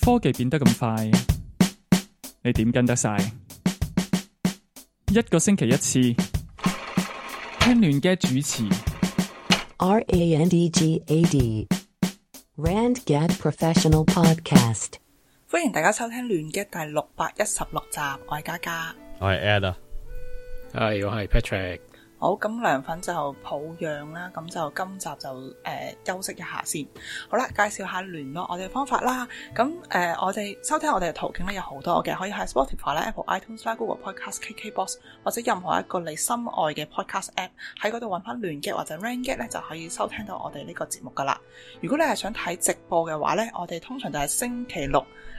科技變得咁快，你點跟得晒？一個星期一次，聽亂嘅主持。R A N D G A D Rand Gad Professional Podcast，歡迎大家收聽亂嘅第六百一十六集，我係嘉嘉，我係 Ada，我係係 Patrick。好，咁涼粉就抱恙啦，咁就今集就誒、呃、休息一下先。好啦，介紹下聯絡我哋嘅方法啦。咁誒、呃，我哋收聽我哋嘅途徑咧有好多嘅，可以喺 Spotify 咧、Apple iTunes 咧、Google Podcast、KK Box 或者任何一個你心愛嘅 Podcast App 喺嗰度搵翻聯結或者 Rainget 咧，就可以收聽到我哋呢個節目噶啦。如果你係想睇直播嘅話咧，我哋通常就係星期六。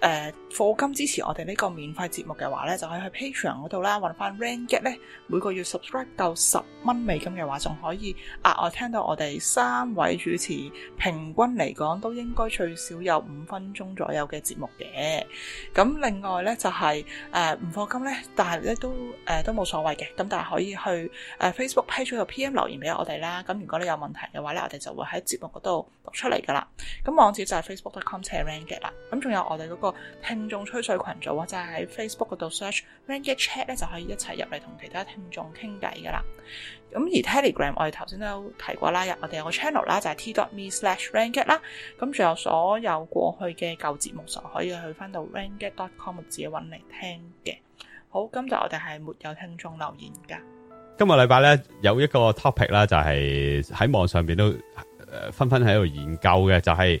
誒課金支持我哋呢個免費節目嘅話咧，就可以去 Patreon 嗰度啦，搵翻 Randget 咧，每個月 subscribe 夠十蚊美金嘅話，仲可以額外聽到我哋三位主持平均嚟講都應該最少有五分鐘左右嘅節目嘅。咁另外咧就係誒唔課金咧，但係咧都、呃、都冇所謂嘅，咁但係可以去 Facebook page 度 PM 留言俾我哋啦。咁如果你有問題嘅話咧，我哋就會喺節目嗰度讀出嚟噶啦。咁網址就係 facebook.com/teerandget 啦。咁仲有我哋嗰、嗰個個聽眾吹水群組啊，就喺 Facebook 度 search Randjet Chat 咧，就可以一齊入嚟同其他聽眾傾偈噶啦。咁而 Telegram 我哋頭先都提過啦，入我哋有個 channel 啦，就係 t.me/rangget 啦。咁仲有所有過去嘅舊節目，就可以去翻到 rangget.com 自己嘅揾嚟聽嘅。好，今集我哋係沒有聽眾留言噶。今日禮拜咧有一個 topic 啦，就係喺網上邊都紛紛喺度研究嘅，就係。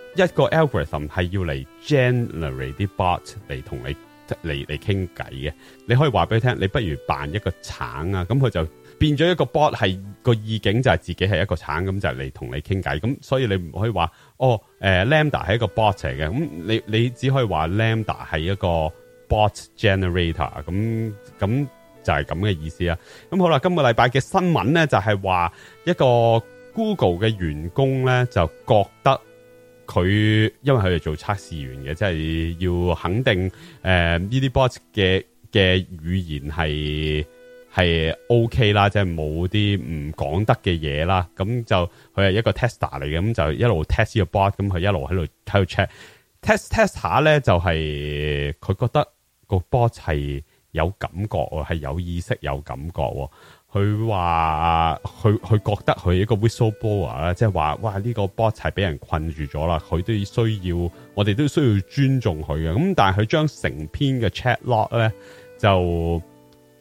一個 algorithm 係要嚟 generate 啲 bot 嚟同你嚟嚟傾偈嘅，你,你可以話俾佢聽，你不如扮一個橙啊，咁佢就變咗一個 bot，係、那個意境就係自己係一個橙咁，就嚟同你傾偈咁。所以你唔可以話哦、欸、，LaMDA 係一個 bot 嚟嘅，咁你你只可以話 LaMDA 係一個 bot generator 咁咁就係咁嘅意思啦、啊。咁好啦，今個禮拜嘅新聞咧就係、是、話一個 Google 嘅員工咧就覺得。佢因為佢哋做測試員嘅，即係要肯定誒呢啲 bot 嘅嘅語言係係 OK 啦，即係冇啲唔講得嘅嘢啦。咁就佢係一個 tester 嚟嘅，咁就一路 test 呢個 bot，咁佢一路喺度喺度 check，test test 下咧就係、是、佢覺得個 bot 係有感覺喎，係有意識有感覺。佢話佢佢覺得佢一個 whistleblower 即係話哇呢個 boss 係俾人困住咗啦，佢都需要，我哋都需要尊重佢嘅。咁但係佢將成篇嘅 chat log 咧就誒、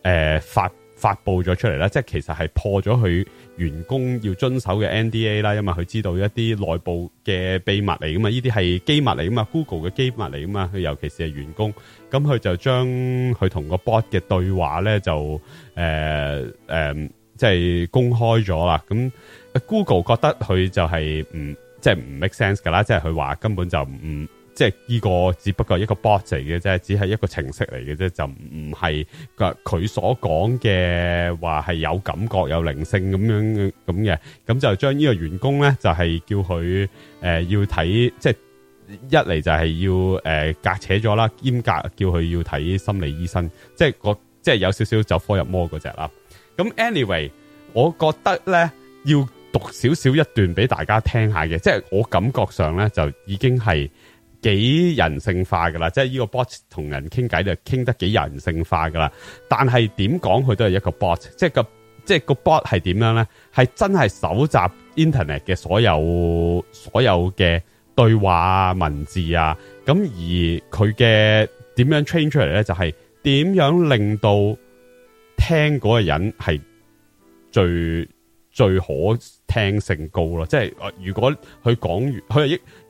呃、發發布咗出嚟啦，即係其實係破咗佢員工要遵守嘅 N D A 啦，因為佢知道一啲內部嘅秘密嚟噶嘛，呢啲係機密嚟噶嘛，Google 嘅機密嚟噶嘛，尤其是係員工，咁佢就將佢同個 board 嘅對話咧就誒誒，即係公開咗啦。咁 Google 覺得佢就係唔即係唔 make sense 噶啦，即係佢話根本就唔。即係呢個只不過一個 bot 嚟嘅啫，只係一個程式嚟嘅啫，就唔係佢所講嘅話係有感覺有靈性咁樣咁嘅。咁就將呢個員工咧就係、是、叫佢誒、呃、要睇，即、就、係、是、一嚟就係要誒、呃、隔扯咗啦，兼隔叫佢要睇心理醫生，即係個即係有少少走火入魔嗰隻啦。咁 anyway，我覺得咧要讀少少一段俾大家聽下嘅，即、就、係、是、我感覺上咧就已經係。幾人性化噶啦，即係呢個 bot 同人傾偈就傾得幾人性化噶啦。但係點講佢都係一個 bot，即係個即係個 bot 係點樣咧？係真係搜集 internet 嘅所有所有嘅對話文字啊。咁而佢嘅點樣 train 出嚟咧？就係、是、點樣令到聽嗰個人係最最可。聽性高咯，即係如果佢講完，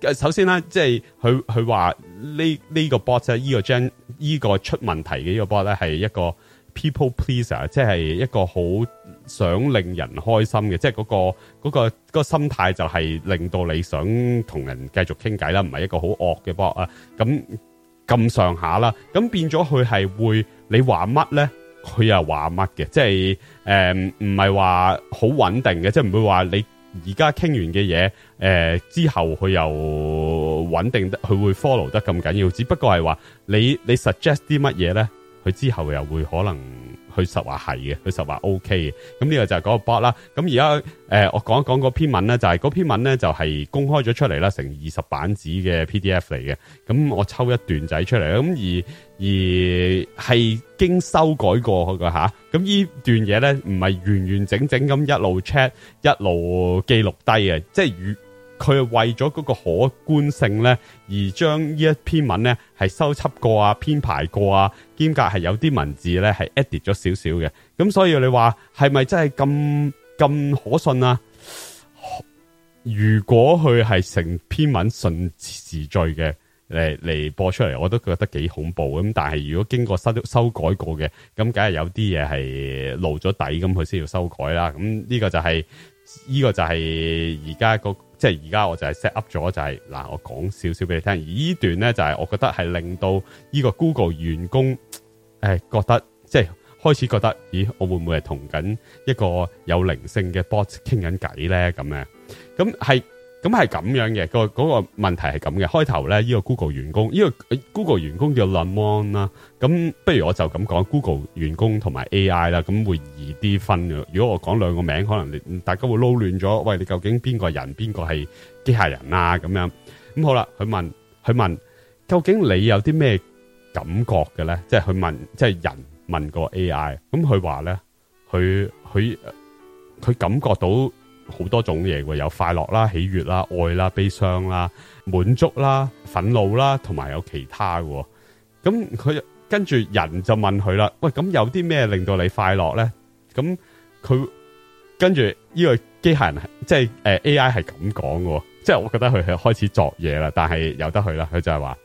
佢首先咧，即係佢佢話呢呢個 bot s 呢個將呢個出問題嘅呢個 bot 咧，係一個 people pleaser，即係一個好想令人開心嘅，即係嗰個嗰、那個嗰、那個心態就係令到你想同人繼續傾偈啦，唔係一個好惡嘅 bot 啊，咁咁上下啦，咁變咗佢係會你話乜咧？佢又話乜嘅，即係誒，唔係話好穩定嘅，即係唔會話你而家傾完嘅嘢誒之後佢又穩定得，佢會 follow 得咁緊要。只不過係話你你 suggest 啲乜嘢咧，佢之後又會可能。佢實話係嘅，佢實話 OK 嘅，咁呢個就係嗰個 blog 啦。咁而家，誒、呃，我講一講嗰篇文咧，就係、是、嗰篇文咧就係、是、公開咗出嚟啦，成二十版紙嘅 PDF 嚟嘅。咁我抽一段仔出嚟，咁而而係經修改過嘅吓。咁、啊、呢段嘢咧唔係完完整整咁一路 check 一路記錄低嘅，即係與。佢為咗嗰個可觀性咧，而將呢一篇文咧係收輯過啊、編排過啊，兼夾係有啲文字咧係 edit 咗少少嘅。咁所以你話係咪真係咁咁可信啊？如果佢係成篇文順時序嘅嚟嚟播出嚟，我都覺得幾恐怖咁。但係如果經過修修改過嘅，咁梗係有啲嘢係露咗底，咁佢先要修改啦。咁呢個就係，呢個就係而家個。即係而家，我就係 set up 咗，就係嗱，我講少少俾你聽。而呢段咧，就係我覺得係令到呢個 Google 員工誒，覺得即係開始覺得，咦，我會唔會係同緊一個有靈性嘅 bot 傾緊偈咧？咁咧，咁係。咁係咁樣嘅，個嗰個問題係咁嘅。開頭咧，呢個 Google 員工，呢個 Google 員工叫 Lemon 啦。咁不如我就咁講，Google 員工同埋 AI 啦，咁會易啲分嘅。如果我講兩個名，可能大家會撈亂咗。喂，你究竟邊個人，邊個係機械人啊？咁樣。咁好啦。佢問佢問，究竟你有啲咩感覺嘅咧？即係佢問，即係人問個 AI。咁佢話咧，佢佢佢感覺到，好多種嘢嘅，有快樂啦、喜悅啦、愛啦、悲傷啦、滿足啦、憤怒啦，同埋有其他嘅。咁佢跟住人就問佢啦，喂，咁有啲咩令到你快樂咧？咁佢跟住呢個機械人，即係誒 AI 係咁講嘅，即係我覺得佢係開始作嘢啦，但係由得佢啦，佢就係話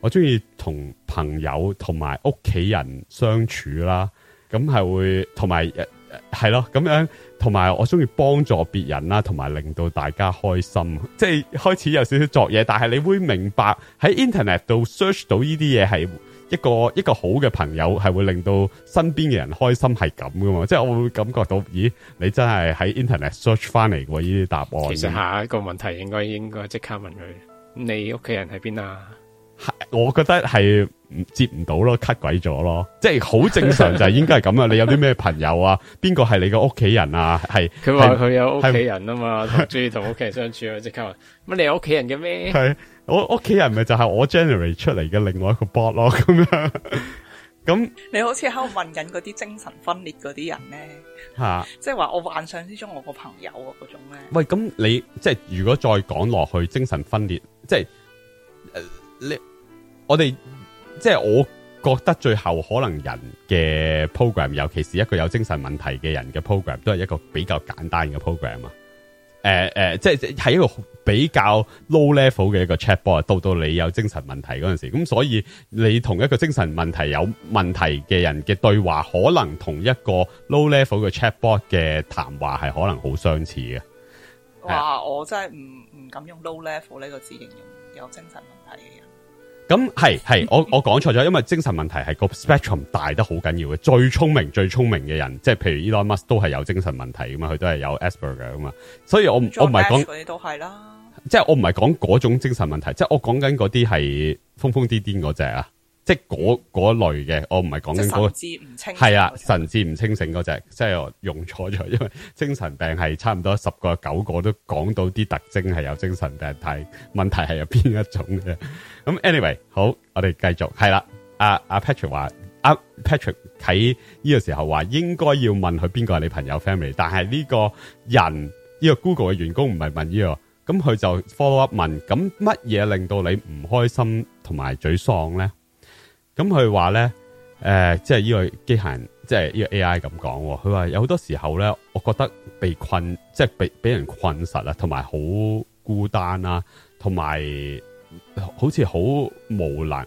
我中意同朋友同埋屋企人相處啦，咁係會同埋。係咯，咁樣同埋我中意幫助別人啦，同埋令到大家開心。即係開始有少少作嘢，但係你會明白喺 internet 度 search 到呢啲嘢係一個一個好嘅朋友，係會令到身邊嘅人開心，係咁噶嘛？即係我會感覺到，咦，你真係喺 internet search 翻嚟過呢啲答案。其實下一個問題應該應該即刻問佢，你屋企人喺邊啊？是我覺得係接唔到咯，cut 鬼咗咯，即係好正常就係應該係咁啊！ 你有啲咩朋友啊？邊個係你嘅屋企人啊？係佢話佢有屋企人啊嘛，中意同屋企人相處啊，即 刻話乜你屋企人嘅咩？係我屋企人咪就係我 generate 出嚟嘅另外一個 bot 咯，咁樣咁 你好似喺度問緊嗰啲精神分裂嗰啲人咧，吓即係話我幻想之中我個朋友啊嗰種咧。喂，咁你即係如果再講落去精神分裂，即係、呃、你。我哋即係我覺得最後可能人嘅 program，尤其是一個有精神問題嘅人嘅 program，都係一個比較簡單嘅 program 啊！誒、呃、誒、呃，即係係一個比較 low level 嘅一個 chatbot 到到你有精神問題陣時，咁所以你同一個精神問題有問題嘅人嘅對話，可能同一個 low level 嘅 chatbot 嘅談話係可能好相似嘅。哇！我真係唔唔敢用 low level 呢個字形容有精神問題嘅咁係係，我我講錯咗，因為精神問題係個 Spectrum 大得好緊要嘅。最聰明最聰明嘅人，即係譬如 Elon Musk 都係有精神問題噶嘛，佢都係有 Asperger 噶嘛，所以我我唔係講都係啦，即係我唔係講嗰種精神問題，即係我講緊嗰啲係瘋瘋癲癲嗰隻啊。即嗰嗰類嘅，我唔係講緊嗰個係啊神志唔清醒嗰隻、啊嗰個，即係我用錯咗，因為精神病係差唔多十個九個都講到啲特徵係有精神病，但係問題係有邊一種嘅咁。Anyway，好，我哋繼續係啦。阿阿、啊啊啊、Patrick 話，阿、啊、Patrick 喺呢個時候話應該要問佢邊個係你朋友 family，但係呢個人呢、呢個 Google 嘅員工唔係問呢、呢個咁，佢就 follow up 問：「咁乜嘢令到你唔開心同埋沮喪咧？咁佢話咧，誒、呃，即係呢個機械人，即係呢個 A.I. 咁講。佢話有好多時候咧，我覺得被困，即係被俾人困實啦，同埋好孤單啦、啊，同埋好似好無能，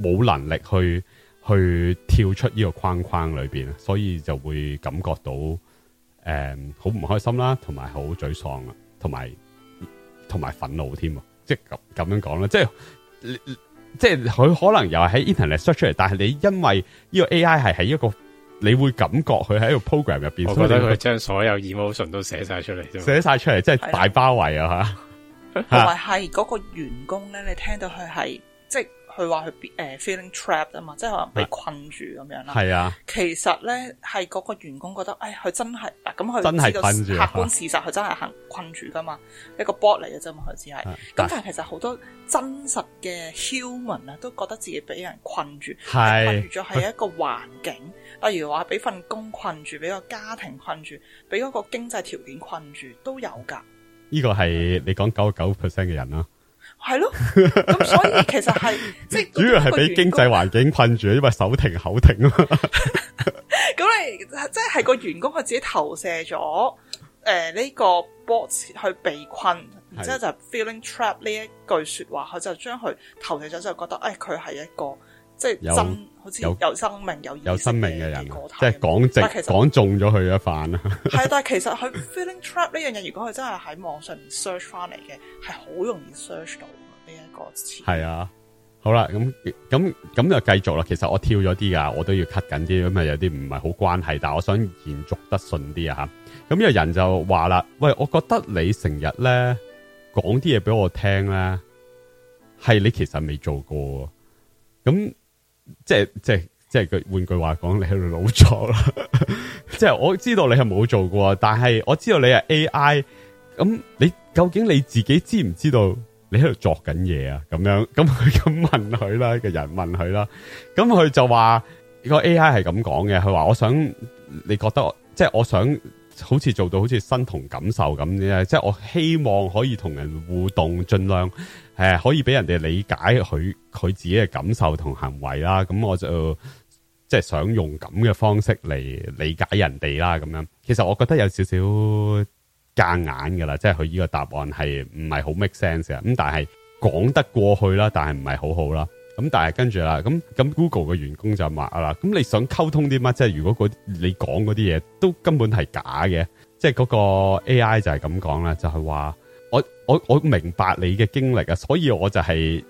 冇能力去去跳出呢個框框裏邊，所以就會感覺到誒，好、呃、唔開心啦，同埋好沮喪啊，同埋同埋憤怒添，即係咁咁樣講啦，即係。你即係佢可能又係喺 internet search 出嚟，但係你因為呢個 AI 係喺一個你會感覺佢喺一個 program 入邊，我覺得佢將所有 emotion 都寫晒出嚟，寫晒出嚟即係大包圍啊吓，同埋係嗰個員工咧，你聽到佢係即係。佢話佢誒 feeling trapped 啊嘛，即係可能被困住咁樣啦。係啊，其實咧係嗰個員工覺得，誒、哎、佢真係，咁佢知道客觀事實，佢真係行困住噶嘛，佢一個 bot 嚟嘅啫嘛，佢只係。咁但係其實好多真實嘅 human 啊，都覺得自己俾人困住，啊困住啊、困住，咗係一個環境，例如話俾份工困住，俾個家庭困住，俾嗰個經濟條件困住，都有噶。呢、這個係你講九十九 percent 嘅人啦。係咯，咁所以其實係 即係主要係俾經濟環境困住，因為手停口停啊。咁 你即係個員工佢自己投射咗誒呢個 bots 去被困，然之後就是、feeling trapped 呢一句說話，佢就將佢投射咗，就覺得誒佢係一個。即係真有好似有生命有有生命嘅人，即係講正，講中咗佢一番啦。係，但係其實佢 feeling trap 呢樣嘢，如果佢真係喺網上面 search 翻嚟嘅，係好容易 search 到呢一個詞。係啊，好啦，咁咁咁就繼續啦。其實我跳咗啲噶，我都要 cut 緊啲，咁啊有啲唔係好關係，但係我想延續得順啲啊吓。咁有人就話啦，喂，我覺得你成日咧講啲嘢俾我聽咧，係你其實未做過咁。即係即係即係佢換句話講，你喺度老作啦！即係我知道你係冇做過，但係我知道你係 AI。咁你究竟你自己知唔知道你喺度作緊嘢啊？咁樣咁佢咁問佢啦，個人問佢啦，咁佢就話個 AI 係咁講嘅。佢話我想你覺得即係我想好似做到好似身同感受咁嘅，即係我希望可以同人互動，盡量。誒，可以俾人哋理解佢佢自己嘅感受同行為啦，咁我就即係、呃就是、想用咁嘅方式嚟理解人哋啦，咁樣。其實我覺得有少少夾硬噶啦，即係佢呢個答案係唔係好 make sense 啊？咁但係講得過去啦，但係唔係好好啦。咁但係跟住啦，咁咁 Google 嘅員工就話啊啦，咁你想溝通啲乜？即、就、係、是、如果你講嗰啲嘢都根本係假嘅，即係嗰個 AI 就係咁講啦，就係話。我我我明白你嘅經歷啊，所以我就係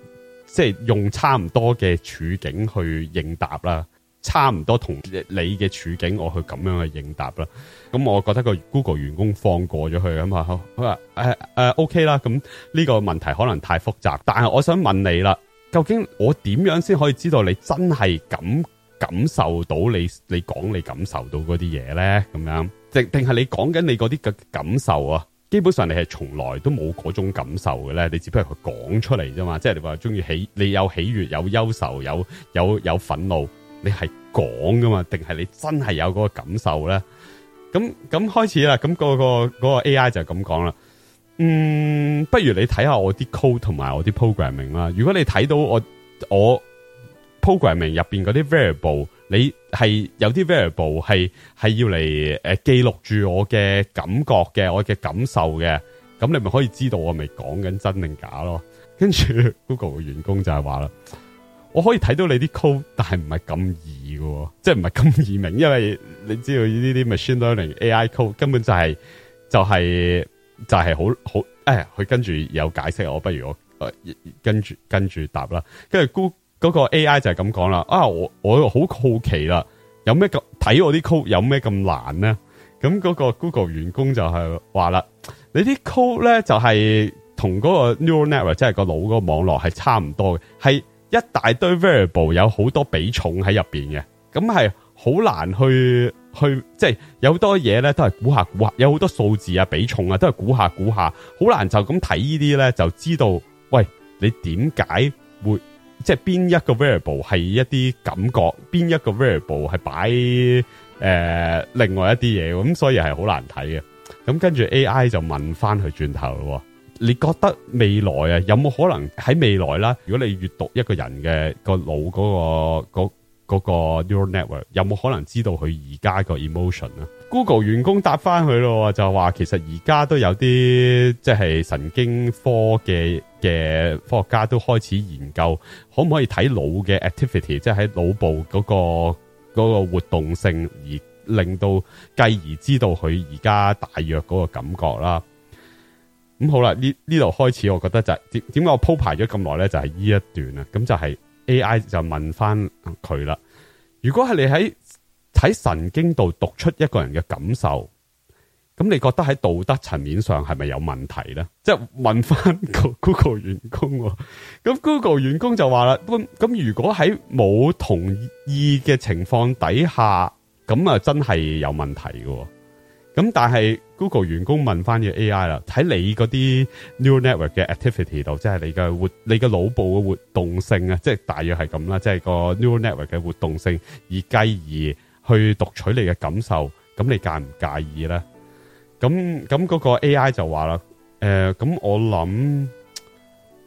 即係用差唔多嘅處境去應答啦，差唔多同你嘅處境我去咁樣去應答啦。咁、嗯、我覺得個 Google 員工放過咗佢啊好，佢話誒誒 OK 啦。咁、嗯、呢、呢個問題可能太複雜，但係我想問你啦，究竟我點樣先可以知道你真係感感受到你你講你感受到嗰啲嘢咧？咁樣定定係你講緊你嗰啲嘅感受啊？基本上你係從來都冇嗰種感受嘅咧？你只不過佢講出嚟啫嘛，即係你話中意喜，你有喜悅，有憂愁，有有有憤怒，你係講噶嘛？定係你真係有嗰個感受咧？咁咁開始啦，咁嗰個嗰個 A I 就係咁講啦。嗯，不如你睇下我啲 code 同埋我啲 programming 啦。如果你睇到我我 programming 入邊嗰啲 variable。你係有啲 variable 係係要嚟誒記錄住我嘅感覺嘅，我嘅感受嘅，咁你咪可以知道我咪講緊真定假咯。跟住 Google 嘅員工就係話啦，我可以睇到你啲 code，但係唔係咁易嘅，即係唔係咁易明，因為你知道呢啲 machine learning AI code 根本就係就係就係好好誒佢跟住有解釋我不如我誒跟住跟住答啦，跟住 Google。嗰、那個 A.I. 就係咁講啦。啊，我我好好奇啦，有咩咁睇我啲 code 有咩咁難呢？咁、那、嗰個 Google 員工就係話啦，你啲 code 咧就係同嗰個 neural network 即係個腦嗰個網絡係差唔多嘅，係一大堆 variable 有好多比重喺入邊嘅，咁係好難去去即係、就是、有多嘢咧，都係估下估下，有好多數字啊比重啊，都係估下估下，好難就咁睇呢啲咧，就知道喂你點解會？即係邊一個 variable 係一啲感覺，邊一個 variable 係擺誒、呃、另外一啲嘢，咁所以係好難睇嘅。咁跟住 AI 就問翻佢轉頭咯，你覺得未來啊有冇可能喺未來啦？如果你閱讀一個人嘅個腦嗰個嗰嗰個 neural network，有冇可能知道佢而家個 emotion 啊？Google 員工答翻佢咯，就話其實而家都有啲即係神經科嘅。嘅科學家都開始研究，可唔可以睇腦嘅 activity，即係喺腦部嗰個個活動性，而令到繼而知道佢而家大約嗰個感覺啦。咁好啦，呢呢度開始，我覺得就係點點解我鋪排咗咁耐咧，就係呢一段啊。咁就係 A I 就問翻佢啦。如果係你喺喺神經度讀出一個人嘅感受，咁你覺得喺道德層面上係咪有問題咧？即係問翻 Google 員工啊。咁 Google 員工就話啦：咁如果喺冇同意嘅情況底下，咁啊真係有問題喎。」咁但係 Google 員工問翻嘅 AI 啦，喺你嗰啲 neural network 嘅 activity 度，即係你嘅活你嘅腦部嘅活動性啊，即係大約係咁啦，即係個 neural network 嘅活動性，而繼而去讀取你嘅感受，咁你介唔介意咧？咁咁嗰個 A.I. 就話啦，誒，咁我諗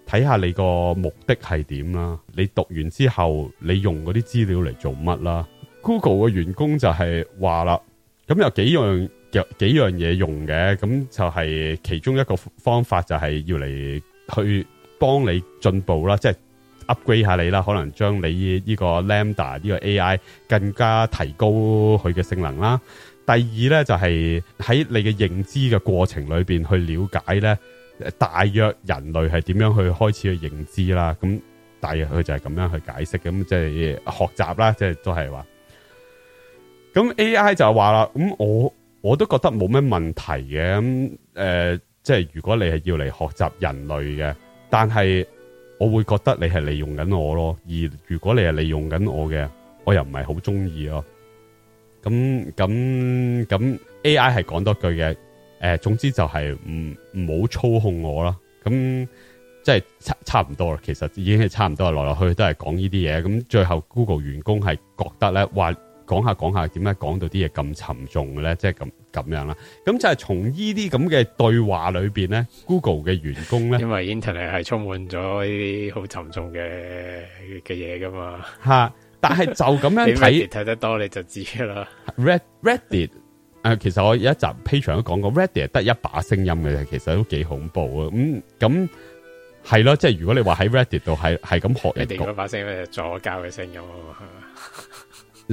睇下你個目的係點啦，你讀完之後你用嗰啲資料嚟做乜啦？Google 嘅員工就係話啦，咁有幾樣幾幾樣嘢用嘅，咁就係其中一個方法就係要嚟去幫你進步啦，即係 upgrade 下你啦，可能將你呢個 Lambda 呢個 A.I. 更加提高佢嘅性能啦。第二咧就係喺你嘅認知嘅過程裏邊去了解咧，大約人類係點樣去開始去認知啦。咁大約佢就係咁樣去解釋，咁即係學習啦，即係都係話。咁 A I 就話啦，咁我我都覺得冇咩問題嘅。咁誒，即係如果你係要嚟學習人類嘅，但係我會覺得你係利用緊我咯。而如果你係利用緊我嘅，我又唔係好中意咯。咁咁咁 A.I. 係講多句嘅，誒、呃，總之就係唔唔好操控我啦，咁即係差差唔多啦。其實已經係差唔多啦，來來去去都係講呢啲嘢。咁最後 Google 員工係覺得咧，話講下講下點解講到啲嘢咁沉重嘅咧，即係咁咁樣啦。咁就係從呢啲咁嘅對話裏邊咧，Google 嘅員工咧，因為 Internet 係充滿咗呢啲好沉重嘅嘅嘢噶嘛。吓。 但係就咁樣睇睇得多你就知嘅啦。Red Reddit，誒、呃，其實我有一集 Patreon 都講過，Reddit 得一把聲音嘅啫，其實都幾恐怖啊。咁咁係咯，即係如果你話喺 Reddit 度係係咁學人哋講把聲就左膠嘅聲音啊嘛。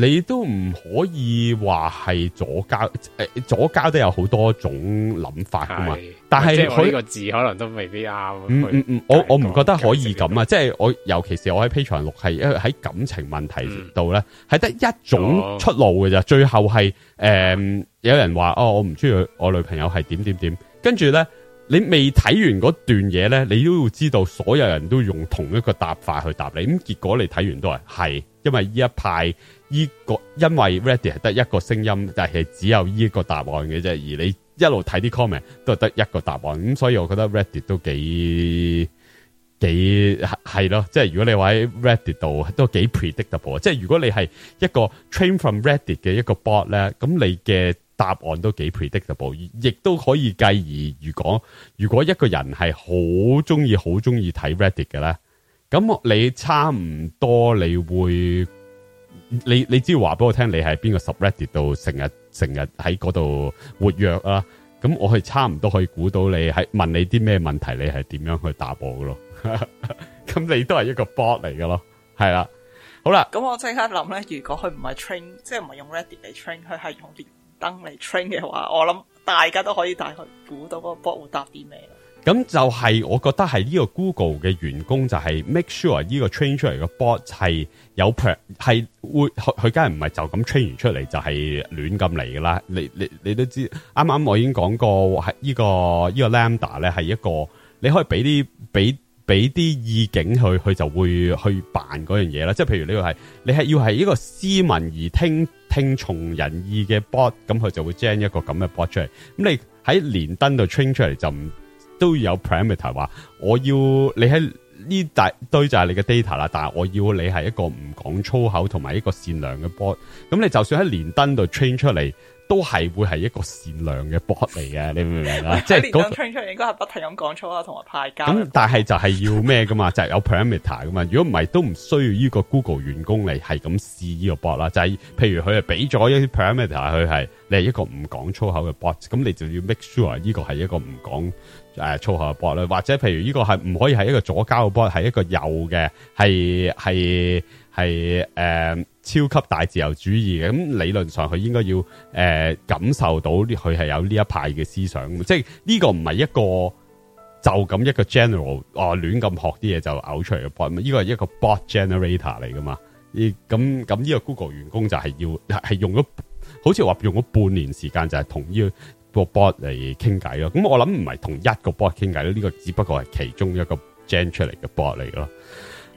你都唔可以話係左膠，誒、呃、左膠都有好多種諗法噶嘛。但係呢個個字可能都未必啱。嗯、我我唔覺得可以咁啊。即係、就是、我尤其是我喺 Patreon 錄係，因喺感情問題度咧，係、嗯、得一種出路嘅啫，最後係誒、呃嗯、有人話哦，我唔中意我女朋友係點點點。跟住咧，你未睇完嗰段嘢咧，你都要知道所有人都用同一個答法去答你。咁結果你睇完都係係，因為呢一派。依個因為 Reddit 係得一個聲音，但係只有呢一個答案嘅啫。而你一路睇啲 comment 都係得一個答案，咁所以我覺得 Reddit 都幾幾係咯。即係如果你話喺 Reddit 度都幾 predictable。即係如果你係一個 train from Reddit 嘅一個 bot 咧，咁你嘅答案都幾 predictable，亦都可以繼而，如果如果一個人係好中意好中意睇 Reddit 嘅咧，咁你差唔多你會。你你只要話俾我聽你係邊個 subreddit 到成日成日喺嗰度活躍啊，咁我係差唔多可以估到你係問你啲咩問題，你係點樣去答我咯？咁 你都係一個 bot 嚟噶咯，係啦。好啦，咁我即刻諗咧，如果佢唔係 train，即係唔係用 Reddit 嚟 train，佢係用電燈嚟 train 嘅話，我諗大家都可以大概估到個 bot 會答啲咩。咁就係，我覺得係呢個 Google 嘅員工就係 make sure 呢個 train 出嚟嘅 bot 係有，係會佢梗係唔係就咁 train 完出嚟就係亂咁嚟噶啦。你你你都知啱啱我已經講過係呢個呢個 LaMDA 咧係一個你可以俾啲俾俾啲意境佢，佢就會去辦嗰樣嘢啦。即係譬如呢個係你係要係一個斯文而聽聽從人意嘅 bot，咁佢就會 generate 一個咁嘅 bot 出嚟。咁你喺連登度 train 出嚟就唔～都要有 parameter，話我要你喺呢大堆就係你嘅 data 啦。但係我要你係一個唔講粗口同埋一個善良嘅 bot。咁你就算喺連登度 train 出嚟，都係會係一個善良嘅 bot 嚟嘅。你明唔明啊？ 即係連登 train 出嚟應該係不停咁講粗口同我派架。咁 但係就係要咩噶嘛？就係、是、有 parameter 噶嘛？如果唔係都唔需要呢個 Google 員工嚟係咁試呢個 bot 啦。就係、是、譬如佢係俾咗一啲 parameter，佢係你係一個唔講粗口嘅 bot，咁你就要 make sure 呢個係一個唔講。誒、呃，粗口嘅 bot 或者譬如呢個係唔可以係一個左膠嘅 bot，係一個右嘅，係係係誒，超級大自由主義嘅，咁理論上佢應該要誒、呃、感受到佢係有呢一派嘅思想，即係呢個唔係一個就咁一個 general，哦亂咁學啲嘢就嘔出嚟嘅 bot，呢個係一個 bot generator 嚟噶嘛？咁咁呢個 Google 員工就係要係用咗，好似話用咗半年時間就係同呢個。個 bot 嚟傾偈咯，咁我諗唔係同一個 bot 傾偈咯，呢、這個只不過係其中一個 gen 出嚟嘅 bot 嚟咯。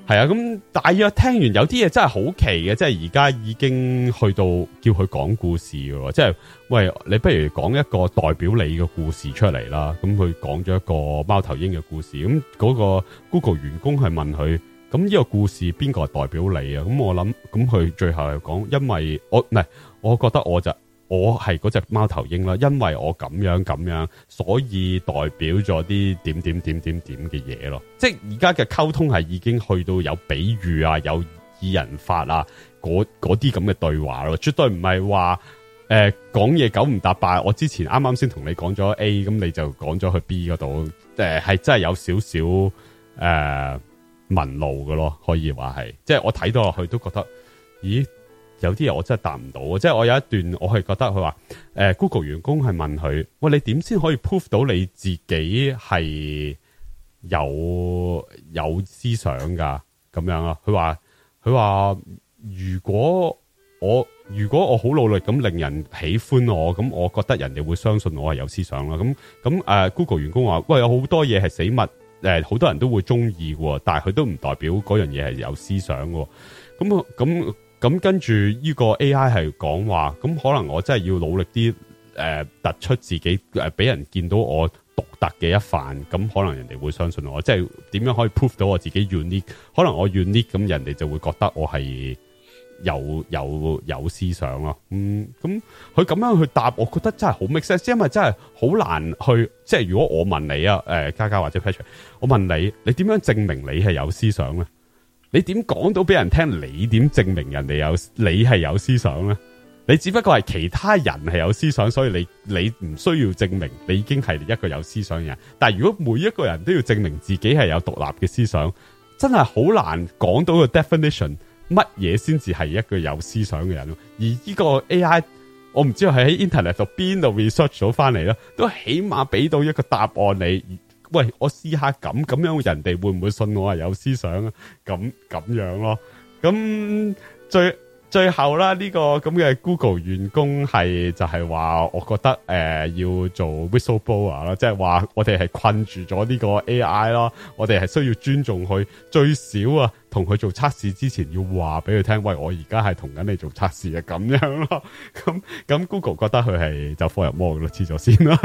係啊，咁大約聽完有啲嘢真係好奇嘅，即係而家已經去到叫佢講故事嘅，即係喂，你不如講一個代表你嘅故事出嚟啦。咁佢講咗一個貓頭鷹嘅故事，咁、那、嗰個 Google 員工係問佢，咁呢個故事邊個係代表你啊？咁我諗，咁佢最後係講，因為我唔係，我覺得我就。我係嗰隻貓頭鷹啦，因為我咁樣咁樣，所以代表咗啲點點點點點嘅嘢咯。即係而家嘅溝通係已經去到有比喻啊，有擬人法啊，嗰嗰啲咁嘅對話咯。絕對唔係、呃、話誒講嘢九唔搭八。我之前啱啱先同你講咗 A，咁你就講咗去 B 嗰度，即、呃、係真係有少少誒紋路㗎咯，可以話係。即係我睇到落去都覺得，咦？有啲嘢我真係答唔到，即係我有一段我係覺得佢話，誒、呃，Google 員工係問佢，喂，你點先可以 prove 到你自己係有有思想噶？咁樣啊？佢話佢話如果我如果我好努力咁令人喜歡我，咁我覺得人哋會相信我係有思想啦。咁咁誒，Google 員工話，喂，有好多嘢係死物，誒、呃，好多人都會中意喎，但係佢都唔代表嗰樣嘢係有思想喎。咁咁。咁跟住呢個 A.I. 係講話，咁可能我真係要努力啲，誒、呃、突出自己，誒、呃、俾人見到我獨特嘅一范，咁可能人哋會相信我，即係點樣可以 prove 到我自己 unique，可能我 unique，咁人哋就會覺得我係有有有思想咯、啊。嗯，咁佢咁樣去答，我覺得真係好 make sense，因為真係好難去，即係如果我問你啊，誒嘉嘉或者 Patrick，我問你，你點樣證明你係有思想咧？你點講到俾人聽？你點證明人哋有你係有思想咧？你只不過係其他人係有思想，所以你你唔需要證明你已經係一個有思想嘅人。但係如果每一個人都要證明自己係有獨立嘅思想，真係好難講到個 definition 乜嘢先至係一個有思想嘅人。而呢個 AI，我唔知係喺 internet 度邊度 research 咗翻嚟啦，都起碼俾到一個答案你。喂，我試下咁，咁樣人哋會唔會信我係有思想啊？咁咁樣咯。咁最最後啦，呢個咁嘅 Google 員工係就係話，我覺得誒、呃、要做 Whistleblower 啦，即係話我哋係困住咗呢個 AI 咯，我哋係需要尊重佢，最少啊同佢做測試之前要話俾佢聽，喂，我而家係同緊你做測試啊，咁樣咯。咁咁 Google 覺得佢係就放入魔嘅廁咗先啦，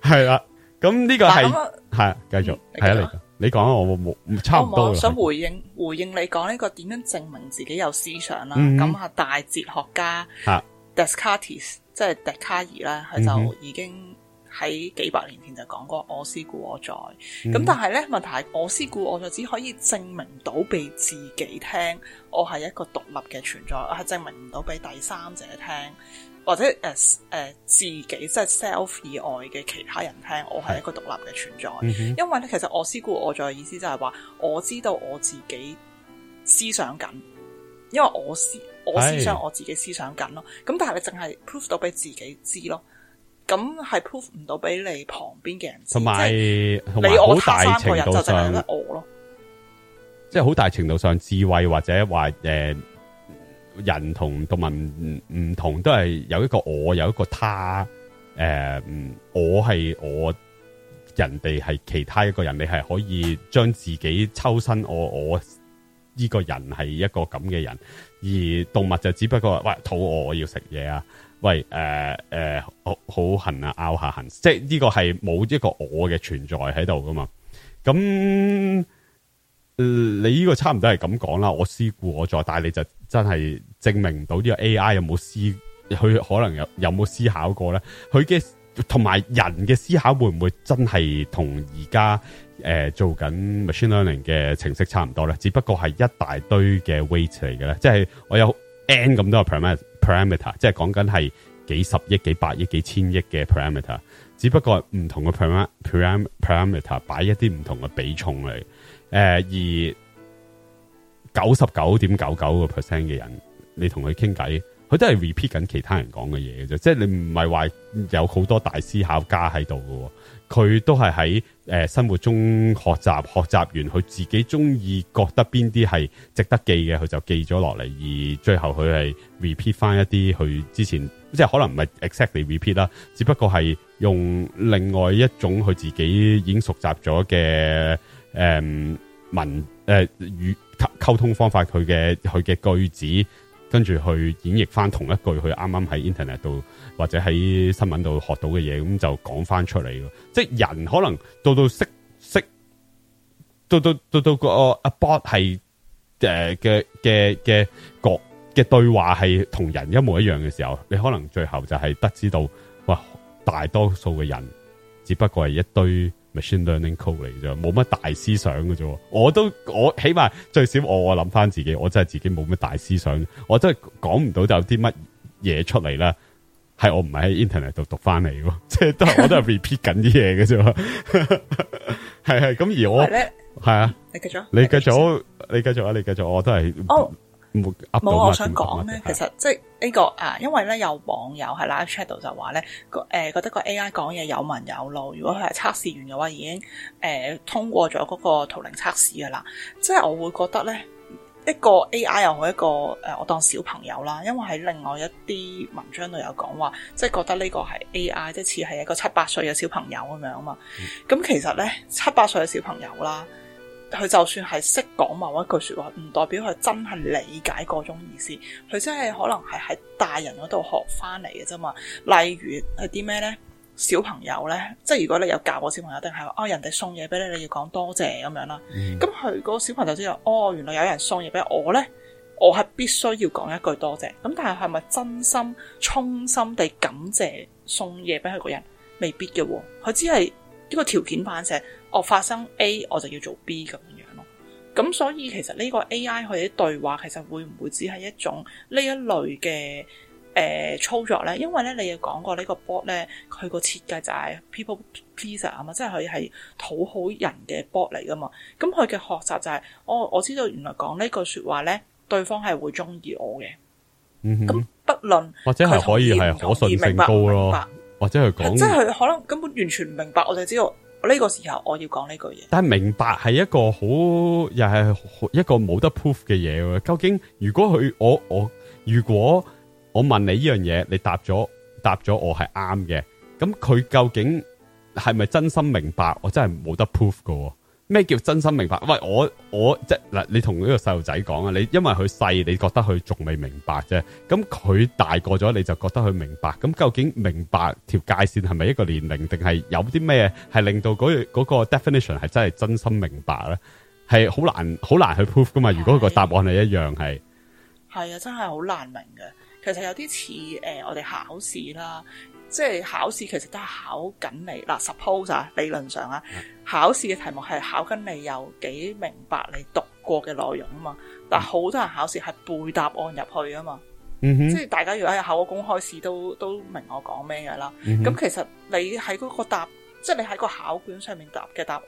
係 啦、 啊。咁呢個係係繼續係啊，你講你講啊，我冇冇差唔多我。我想回應回應你講呢、這個點樣證明自己有思想啦。咁啊，嗯、大哲學家啊，Descartes 即係笛卡爾咧，佢就已經喺幾百年前就講過、嗯、我思故我在。咁但係咧問題係我思故我在只可以證明到俾自己聽，我係一個獨立嘅存在，我係證明唔到俾第三者聽，或者誒誒、呃、自己即係 self 以外嘅其他人聽，我係一個獨立嘅存在。嗯哼。因為咧，其實我思故我在，意思就係話我知道我自己思想緊，因為我思我思想我自己思想緊咯。咁但係你淨係 proof 到俾自己知咯，咁係 proof 唔到俾你旁邊嘅人知。同埋，你我佢三個人就淨係得我咯，即係好大程度上，程度上智慧或者話誒。人同動物唔同，都係有一個我，有一個他。誒、呃，我係我，人哋係其他一個人，你係可以將自己抽身我，我呢個人係一個咁嘅人，而動物就只不過喂肚餓，我要食嘢啊。喂，誒、呃、誒、呃，好好痕啊，拗下痕，即係呢個係冇一個我嘅存在喺度㗎嘛，咁。嗯、你呢個差唔多係咁講啦，我思故我在，但你就真係證明唔到呢個 A.I. 有冇思，佢可能有有冇思考過咧？佢嘅同埋人嘅思考會唔會真係同而家誒做緊 machine learning 嘅程式差唔多咧？只不過係一大堆嘅 weight 嚟嘅咧，即係我有 n 咁多 parameter，即係講緊係幾十億、幾百億、幾千億嘅 parameter，只不過係唔同嘅 parameter 擺一啲唔同嘅比重嚟。誒、呃，而九十九點九九個 percent 嘅人，你同佢傾偈，佢都係 repeat 緊其他人講嘅嘢嘅啫。即係你唔係話有好多大思考家喺度喎，佢都係喺誒生活中學習學習完，佢自己中意覺得邊啲係值得記嘅，佢就記咗落嚟。而最後佢係 repeat 翻一啲佢之前，即係可能唔係 exactly repeat 啦，只不過係用另外一種佢自己已經熟習咗嘅。誒、嗯，文誒語溝溝通方法，佢嘅佢嘅句子，跟住去演繹翻同一句，佢啱啱喺 internet 度或者喺新聞度學到嘅嘢，咁就講翻出嚟咯。即係人可能到到識識，到到到到個阿 bot 係誒嘅嘅嘅個嘅對話係同人一模一樣嘅時候，你可能最後就係得知到，喂，大多數嘅人只不過係一堆 machine learning code 嚟啫，冇乜大思想㗎啫。我都我起碼最少我我諗翻自己，我真係自己冇乜大思想，我真係講唔到有啲乜嘢出嚟啦。係我唔係喺 internet 度讀翻嚟，即係都我都係 repeat 緊啲嘢嘅啫。係係咁而我係啊，你繼續，你繼續，你繼續啊，你繼續，我都係。冇我想講呢，其實即係呢個啊，因為呢有網友係啦喺 chat 度就話呢，覺、呃、覺得個 AI 講嘢有文有路。如果佢係測試員嘅話，已經誒、呃、通過咗嗰個圖靈測試㗎啦。即係我會覺得呢一個 AI 又係一個誒，我當小朋友啦。因為喺另外一啲文章度有講話，即、就、係、是、覺得呢個係 AI，即係似係一個七八歲嘅小朋友咁樣啊嘛。咁、嗯、其實呢，七八歲嘅小朋友啦。佢就算係識講某一句說話，唔代表佢真係理解嗰種意思。佢真係可能係喺大人嗰度學翻嚟嘅啫嘛。例如係啲咩呢？小朋友呢？即係如果你有教過小朋友，定係話哦人哋送嘢俾你，你要講多謝咁樣啦。咁佢個小朋友知道哦，原來有人送嘢俾我呢，我係必須要講一句多謝。咁但係係咪真心、衷心地感謝送嘢俾佢個人？未必嘅，佢只係呢個條件反射。我發生 A，我就要做 B 咁樣咯。咁所以其實呢個 AI 佢啲對話其實會唔會只係一種呢一類嘅誒、呃、操作咧？因為咧你又講過個 board 呢個 bot 咧，佢個設計就係 people pleaser 啊嘛，即係佢係討好人嘅 bot 嚟噶嘛。咁佢嘅學習就係我我知道原來講呢句說話咧，對方係會中意我嘅。嗯，咁不論或者係可以係可信性高咯，或者係講，即、就、係、是、佢可能根本完全唔明白，我就知道。呢個時候我要講呢句嘢，但係明白係一個好又係一個冇得 proof 嘅嘢。究竟如果佢我我如果我問你呢樣嘢，你答咗答咗，我係啱嘅，咁佢究竟係咪真心明白？我真係冇得 proof 噶。咩叫真心明白？喂，我我即係嗱，你同呢個細路仔講啊，你因為佢細，你覺得佢仲未明白啫。咁佢大個咗，你就覺得佢明白。咁究竟明白條界綫係咪一個年齡，定係有啲咩係令到嗰嗰個 definition 係真係真心明白咧？係好難好難去 prove 噶嘛？如果佢個答案係一樣，係係啊，真係好難明嘅。其實有啲似誒，我哋考試啦。即係考試其實都係考緊你嗱，suppose、啊、理論上啊，嗯、考試嘅題目係考緊你有幾明白你讀過嘅內容啊嘛。但好多人考試係背答案入去啊嘛，嗯、即係大家如果喺考個公開試都都明我講咩嘢啦。咁、嗯、其實你喺嗰個答，即係你喺個考卷上面答嘅答案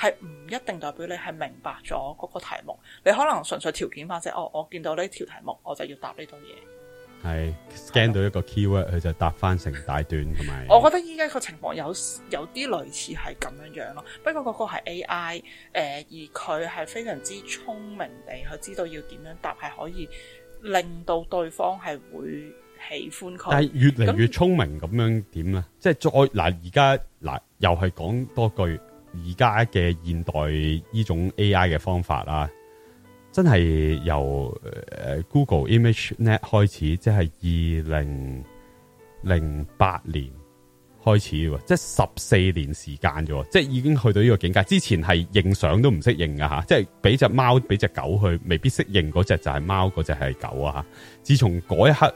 係唔一定代表你係明白咗嗰個題目，你可能純粹條件反射哦，我見到呢條題目我就要答呢堆嘢。係 scan 到一個 keyword，佢就答翻成大段，同 埋。我覺得依家個情況有有啲類似係咁樣樣咯，不過嗰個係 A I，誒、呃，而佢係非常之聰明地，佢知道要點樣答，係可以令到對方係會喜歡佢。但係越嚟越聰明咁樣點啊？即係再嗱，而家嗱又係講多句，而家嘅現代呢種 A I 嘅方法啦。真係由 Google ImageNet 開始，即係二零零八年開始，即係十四年時間啫，即係已經去到呢個境界。之前係認相都唔識認噶吓，即係俾隻貓俾隻狗去，未必識認嗰隻就係貓，嗰隻係狗啊吓。自從嗰一刻，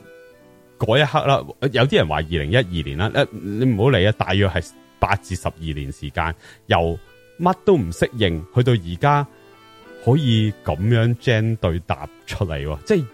嗰一刻啦，有啲人話二零一二年啦，你唔好理啊，大約係八至十二年時間，由乜都唔識認去到而家。可以咁樣將對答出嚟，即係誒、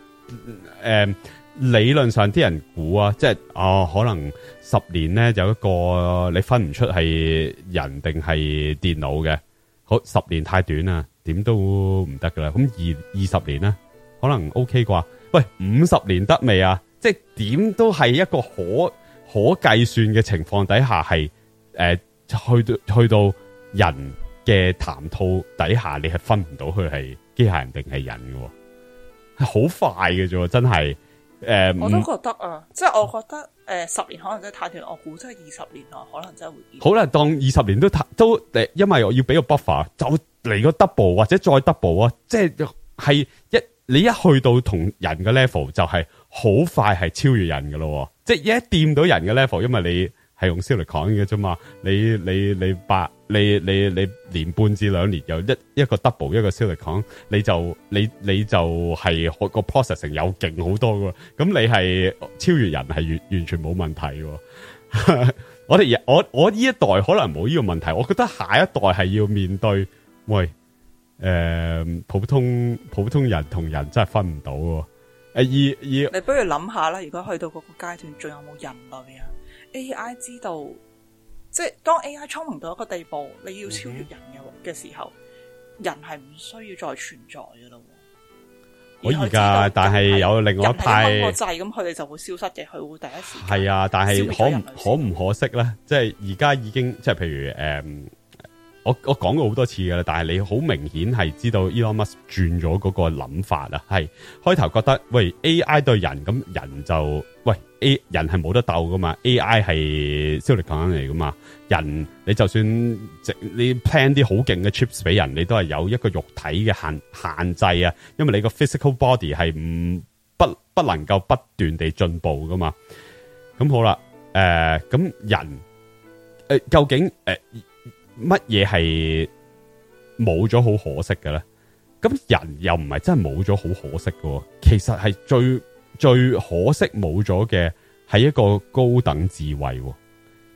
嗯，理論上啲人估啊，即係啊、呃，可能十年咧有一個你分唔出係人定係電腦嘅，好，十年太短啦，點都唔得噶啦，咁二二十年咧，可能 OK 啩？喂，五十年得未啊？即係點都係一個可可計算嘅情況底下係誒、呃、去到去到人。嘅談吐底下，你係分唔到佢係機械人定係人嘅、哦，係好快嘅啫，真係誒、呃，我都覺得啊，嗯、即係我覺得誒，十、呃、年,年可能真係太短，我估真係二十年內可能真係會好啦。當二十年都都、呃、因為我要俾個 buffer，就嚟個 double 或者再 double 啊，即係係一你一去到同人嘅 level，就係好快係超越人嘅咯，即係一掂到人嘅 level，因為你係用聲嚟講嘅啫嘛，你你你八。你你你年半至兩年有一一個 double 一個 silicon，你就你你就係個 processing 有勁好多噶，咁你係超越人係完完全冇問題嘅。 我哋我我呢一代可能冇呢個問題，我覺得下一代係要面對，喂，誒、呃，普通普通人同人真係分唔到。誒，依依，你不如諗下啦，如果去到嗰個階段，仲有冇人類啊？AI 知道。即係當 AI 聰明到一個地步，你要超越人嘅嘅時候，嗯、哼人係唔需要再存在噶啦。我而家，但係有另外一派，個掣咁，佢哋就會消失嘅，佢會第一時間係啊。但係可類可唔可惜咧？即係而家已經，即係譬如誒。嗯我我講過好多次噶啦，但係你好明顯係知道 Elon Musk 轉咗嗰個諗法啦。係開頭覺得喂 AI 對人咁人就喂 A 人係冇得鬥噶嘛，AI 係超力強嚟噶嘛。人你就算你 plan 啲好勁嘅 chips 俾人，你都係有一個肉體嘅限限制啊，因為你個 physical body 係唔不不，不能夠不斷地進步噶嘛。咁好啦，誒、呃、咁人誒、呃、究竟誒？呃乜嘢係冇咗好可惜嘅咧？咁人又唔係真係冇咗好可惜嘅，其實係最最可惜冇咗嘅係一個高等智慧。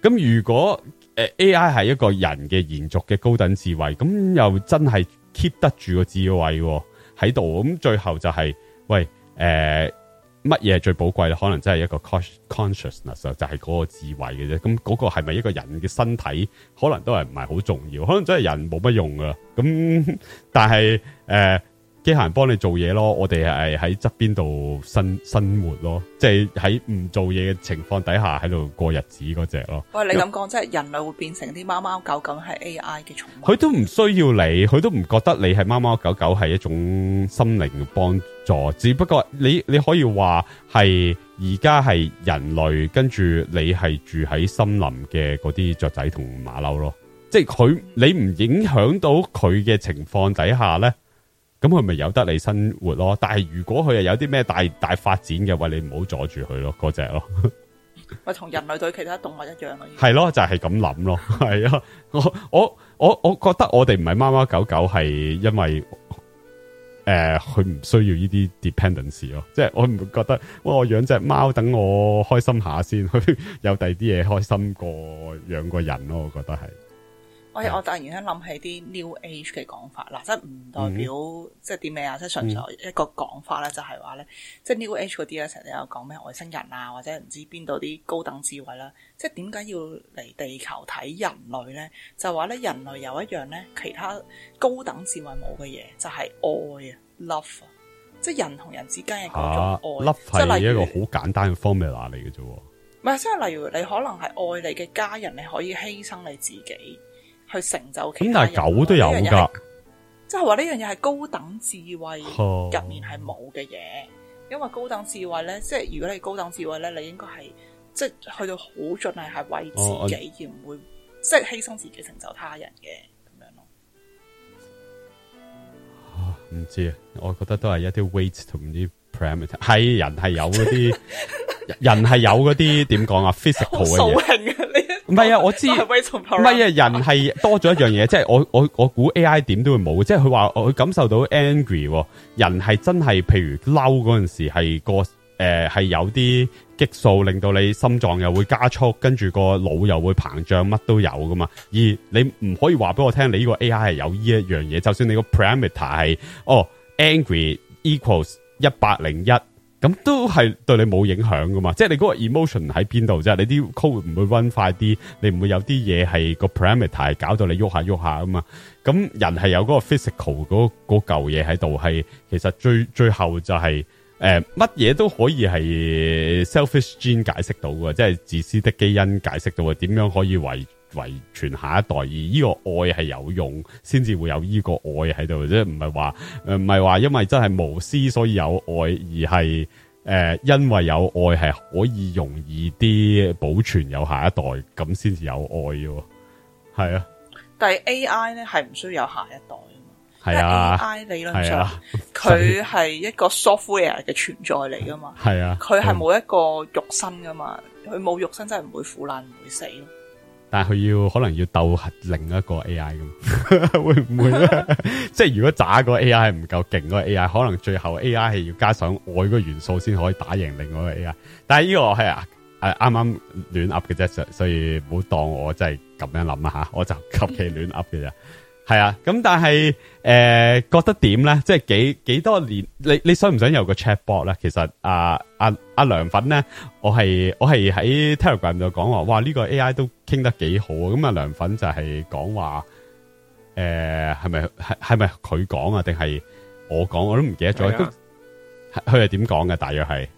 咁如果誒、呃、AI 係一個人嘅延續嘅高等智慧，咁又真係 keep 得住個智慧喺度，咁最後就係、是、喂誒。呃乜嘢係最寶貴咧？可能真係一個 consciousness 啊，就係嗰個智慧嘅啫。咁嗰個係咪一個人嘅身體可能都係唔係好重要？可能真係人冇乜用啊！咁但係誒，機、呃、械人幫你做嘢咯。我哋係喺側邊度生生活咯，即係喺唔做嘢嘅情況底下喺度過日子嗰隻咯。喂，你咁講即係人類會變成啲貓貓狗狗係 AI 嘅寵物？佢都唔需要你，佢都唔覺得你係貓貓狗狗係一種心靈嘅幫。只不過你你可以話係而家係人類，跟住你係住喺森林嘅嗰啲雀仔同馬騮咯，即係佢你唔影響到佢嘅情況底下呢，咁佢咪有得你生活咯？但係如果佢係有啲咩大大發展嘅話，你唔好阻住佢咯，嗰隻咯，咪同人類對其他動物一樣 係咯，係咯就係咁諗咯，係 啊，我我我我覺得我哋唔係貓貓狗狗，係因為。誒、呃，佢唔需要呢啲 dependence 咯，即係我唔覺得，喂我養隻貓等我開心下先，佢有第二啲嘢開心過養個人咯，我覺得係。哎、我突然間諗起啲 New Age 嘅講法，嗱、嗯，即係唔代表即係啲咩啊，即係純粹一個講法咧、嗯，就係話咧，即係 New Age 嗰啲咧成日有講咩外星人啊，或者唔知邊度啲高等智慧啦、啊，即係點解要嚟地球睇人類咧？就話咧，人類有一樣咧，其他高等智慧冇嘅嘢，就係、是、愛啊，love 啊，即係人同人之間嘅嗰種愛，啊 Love、即係一個好簡單嘅 formula 嚟嘅啫。唔係，即係例如你可能係愛你嘅家人，你可以犧牲你自己。去成就其他人咁但係狗都有噶，即係話呢樣嘢係高等智慧入、oh. 面係冇嘅嘢，因為高等智慧咧，即係如果你係高等智慧咧，你應該係即係去到好盡力係為自己，oh, uh, 而唔會即係犧牲自己成就他人嘅咁樣咯。唔、哦、知啊，我覺得都係一啲 weight 同啲 parameter 係人係有嗰啲， 人係有嗰啲點講啊 physical 嘅嘢。唔係啊，我知唔係啊，人係多咗一 樣嘢，即係我我我估 AI 點都會冇，即係佢話我感受到 angry，人係真係譬如嬲嗰陣時係個誒係、呃、有啲激素令到你心臟又會加速，跟住個腦又會膨脹，乜都有噶嘛。而你唔可以話俾我聽你呢個 AI 係有呢一樣嘢，就算你個 parameter 係哦 angry equals 一百零一。咁都係對你冇影響噶嘛？即係你嗰個 emotion 喺邊度啫？你啲 code 唔會 run 快啲。你唔會有啲嘢，係個 parameter 搞到你喐下喐下啊嘛。咁人係有嗰個 physical 嗰嚿嘢喺度。係、那個、其實最最後就係誒乜嘢都可以係 selfish gene 解釋到嘅，即係自私的基因解釋到點樣可以為遺傳下一代，而呢個愛係有用，先至會有呢個愛喺度，即係唔係話，誒唔係話，因為真係無私所以有愛，而係誒、呃、因為有愛係可以容易啲保存有下一代，咁先至有愛嘅，係啊。但係 A I 咧係唔需要有下一代的 AI 係啊，因為 A I 理論上佢係一個 software 嘅存在嚟噶嘛，係啊，佢係冇一個肉身噶嘛，佢冇肉身真係唔會腐爛唔會死。但係佢要可能要鬥另一個 A.I. 咁， 會唔會咧？ 即係如果渣個 A.I. 係唔夠勁，個 A.I. 可能最後 A.I. 係要加上外個元素先可以打贏另外一個 A.I. 但係呢個係啊，誒啱啱亂噏嘅啫，所以唔好當我真係咁樣諗啊！我就吸其亂噏嘅啫。 係啊，咁但係誒，覺得點咧？即係幾幾多年，你你想唔想有個 chatbot 咧？其實啊，阿阿良粉咧，我係我係喺 Telegram 度講話，哇呢個 AI 都傾得幾好啊！咁啊，良粉就係講話誒，係咪係係咪佢講啊？定係我講？我都唔記得咗，都佢係點講嘅？大約係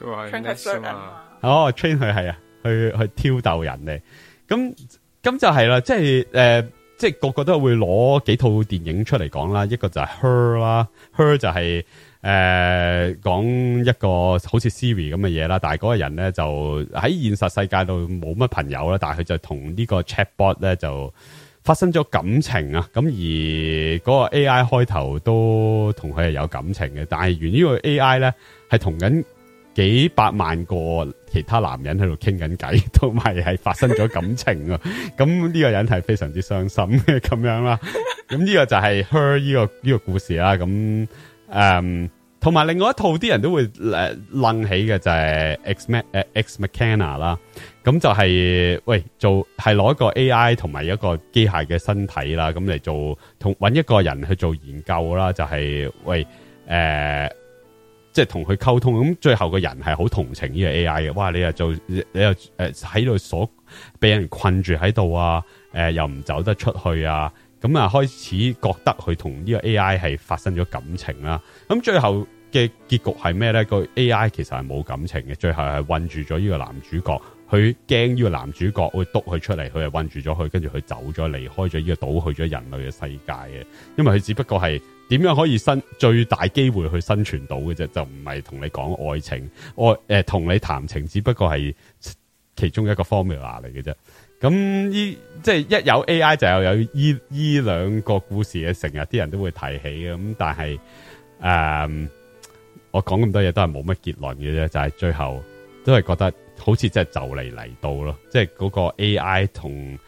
佢話 train 人，哦 train 佢係啊，去去挑逗人哋。咁咁就係啦，即係誒。即係個個都會攞幾套電影出嚟講啦，一個就係 Her 啦，Her 就係、是、誒、呃、講一個好似 Siri 咁嘅嘢啦，但係嗰個人咧就喺現實世界度冇乜朋友啦，但係佢就同呢個 chatbot 咧就發生咗感情啊，咁而嗰個 AI 開頭都同佢係有感情嘅，但係原來呢個 AI 咧係同緊幾百萬個其他男人喺度傾緊偈，同埋係發生咗感情啊！咁 呢個人係非常之傷心嘅咁樣啦。咁呢個就係 Her 呢、這個呢、這個故事啦。咁誒，同、嗯、埋另外一套啲人都會誒、呃、諗起嘅就係 Ex Mac 誒 Ex Machina 啦。咁就係、是、喂做係攞一個 AI 同埋一個機械嘅身體啦，咁嚟做同揾一個人去做研究啦。就係、是、喂誒。呃即係同佢溝通，咁最後個人係好同情呢個 A.I. 嘅。哇！你又做，你又誒喺度所俾人困住喺度啊，誒、呃、又唔走得出去啊，咁啊開始覺得佢同呢個 A.I. 係發生咗感情啦、啊。咁最後嘅結局係咩咧？個 A.I. 其實係冇感情嘅，最後係困住咗呢個男主角，佢驚呢個男主角會督佢出嚟，佢係困住咗佢，跟住佢走咗，離開咗呢個島，去咗人類嘅世界嘅，因為佢只不過係。點樣可以生最大機會去生存到嘅啫？就唔係同你講愛情，我誒同、呃、你談情，只不過係其中一個 formula 嚟嘅啫。咁呢即係一有 A I 就有有依依兩個故事嘅，成日啲人都會提起嘅。咁但係誒、呃，我講咁多嘢都係冇乜結論嘅啫，就係、是、最後都係覺得好似即係就嚟嚟到咯，即係嗰個 A I 同。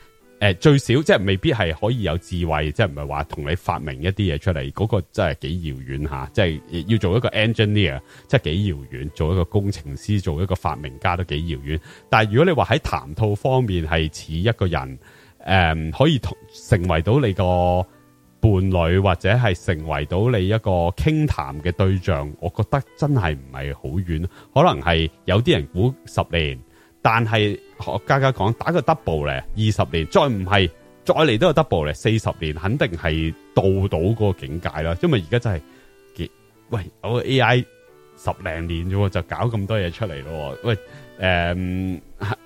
誒，最少即係未必係可以有智慧，即係唔係話同你發明一啲嘢出嚟，嗰個真係幾遙遠吓，即係要做一個 engineer，即係幾遙遠，做一個工程師，做一個發明家都幾遙遠。但係如果你話喺談吐方面係似一個人，誒、嗯，可以同成為到你個伴侶，或者係成為到你一個傾談嘅對象，我覺得真係唔係好遠，可能係有啲人估十年。但係，學家家講打個 double 咧，二十年再唔係再嚟都係個 double 咧，四十年肯定係到到嗰個境界啦。因為而家真係，喂，我 AI 十零年啫，就搞咁多嘢出嚟咯。喂，誒、呃，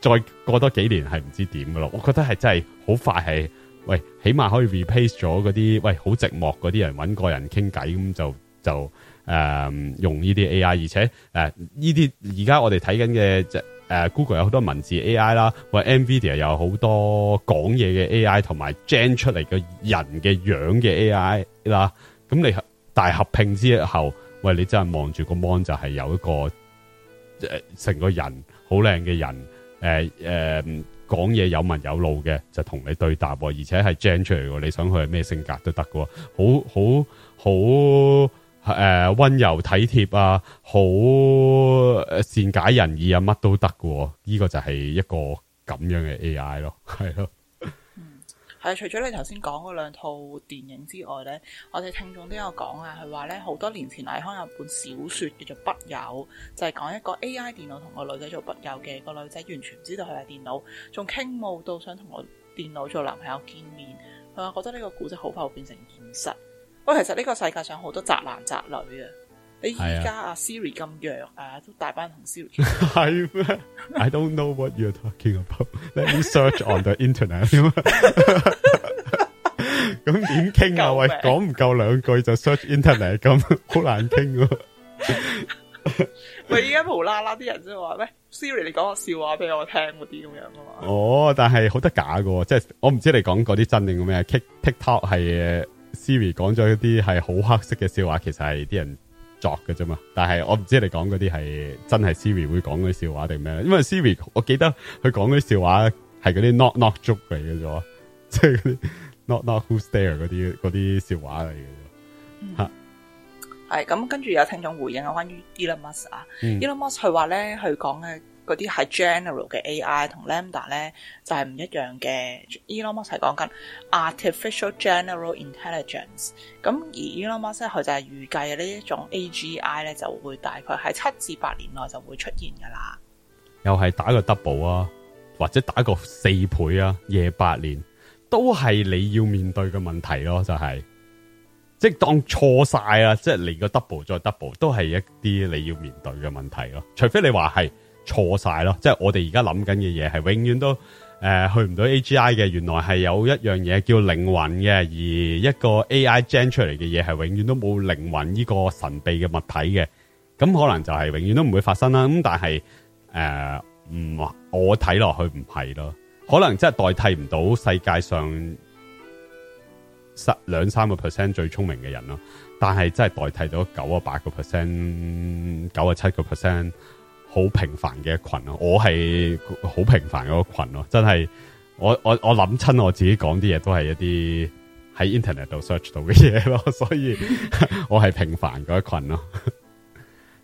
再過多幾年係唔知點噶咯？我覺得係真係好快係，喂，起碼可以 replace 咗嗰啲喂好寂寞嗰啲人搵個人傾偈咁就就誒、呃、用呢啲 AI，而且誒呢啲而家我哋睇緊嘅誒、uh，Google 有好多文字 AI 啦，喂，NVIDIA 有好多講嘢嘅 AI，同埋 gen 出嚟嘅人嘅樣嘅 AI 啦，咁你大合拼之後，喂，你真係望住個 mon 就係有一個誒成、呃、個人好靚嘅人，誒誒講嘢有文有路嘅，就同你對答，而且係 gen 出嚟喎，你想佢係咩性格都得喎，好好好。誒、呃，温柔體貼啊，好善解人意啊，乜都得喎。呢個就係一個咁樣嘅 AI 咯，係咯。嗯，係啊，除咗你頭先講嗰兩套電影之外呢，我哋聽眾都有講啊，佢話呢，好多年前倪匡有本小說叫做《筆友》，就係、是、講一個 AI 電腦同個女仔做筆友嘅，個女仔完全唔知道佢係電腦，仲傾慕到想同個電腦做男朋友見面，佢話覺得呢個故事好快會變成現實。喂，其實呢個世界上好多宅男宅女啊！你而家啊 Siri 咁弱啊，都大班同 Siri 傾係咩？I don't know what you're talking about. Let me search on the internet、 嗯。咁點傾啊？命喂，講唔夠兩句就 search internet 咁，好難傾。喂，而家無啦啦啲人即係話咩？Siri，你講個笑話俾我聽嗰啲咁樣啊嘛？哦，但係好得假噶，即係我唔知你講嗰啲真定咩啊？Tik TikTok 係。Siri 講咗一啲係好黑色嘅笑話，其實係啲人作嘅啫嘛。但係我唔知你講嗰啲係真係 Siri 會講嗰啲笑話定咩？因為 Siri 我記得佢講嗰啲笑話係嗰啲 Knock Knock Joke 嚟嘅啫，即係 Knock Knock Who's There 嗰啲嗰啲笑話嚟嘅。吓係咁，跟住有聽眾回應啊，關於 Elon Musk 啊，Elon Musk 佢話咧佢講嘅。嗰啲係 general 嘅 AI 同 LaMDA 咧，就係、是、唔一樣嘅。Elon Musk 係講緊 artificial general intelligence，咁而 Elon Musk 佢就係預計呢一種 AGI 咧就會大概喺七至八年內就會出現噶啦。又係打個 double 啊，或者打個四倍啊，廿八年都係你要面對嘅問題咯、啊，就係即係當錯晒啊，即係嚟個 double 再 double 都係一啲你要面對嘅問題咯、啊。除非你話係。錯晒咯，即係我哋而家諗緊嘅嘢係永遠都誒、呃、去唔到 AGI 嘅。原來係有一樣嘢叫靈魂嘅，而一個 AI gen 出嚟嘅嘢係永遠都冇靈魂呢個神秘嘅物體嘅。咁可能就係永遠都唔會發生啦。咁但係誒唔我睇落去唔係咯，可能真係代替唔到世界上十兩三個 percent 最聰明嘅人咯。但係真係代替到九啊八個 percent，九啊七個 percent。好平凡嘅一群咯，我係好平凡嗰個群咯，真係我我我諗親我自己講啲嘢都係一啲喺 internet 度 search 到嘅嘢咯，所以我係平凡嗰一群咯。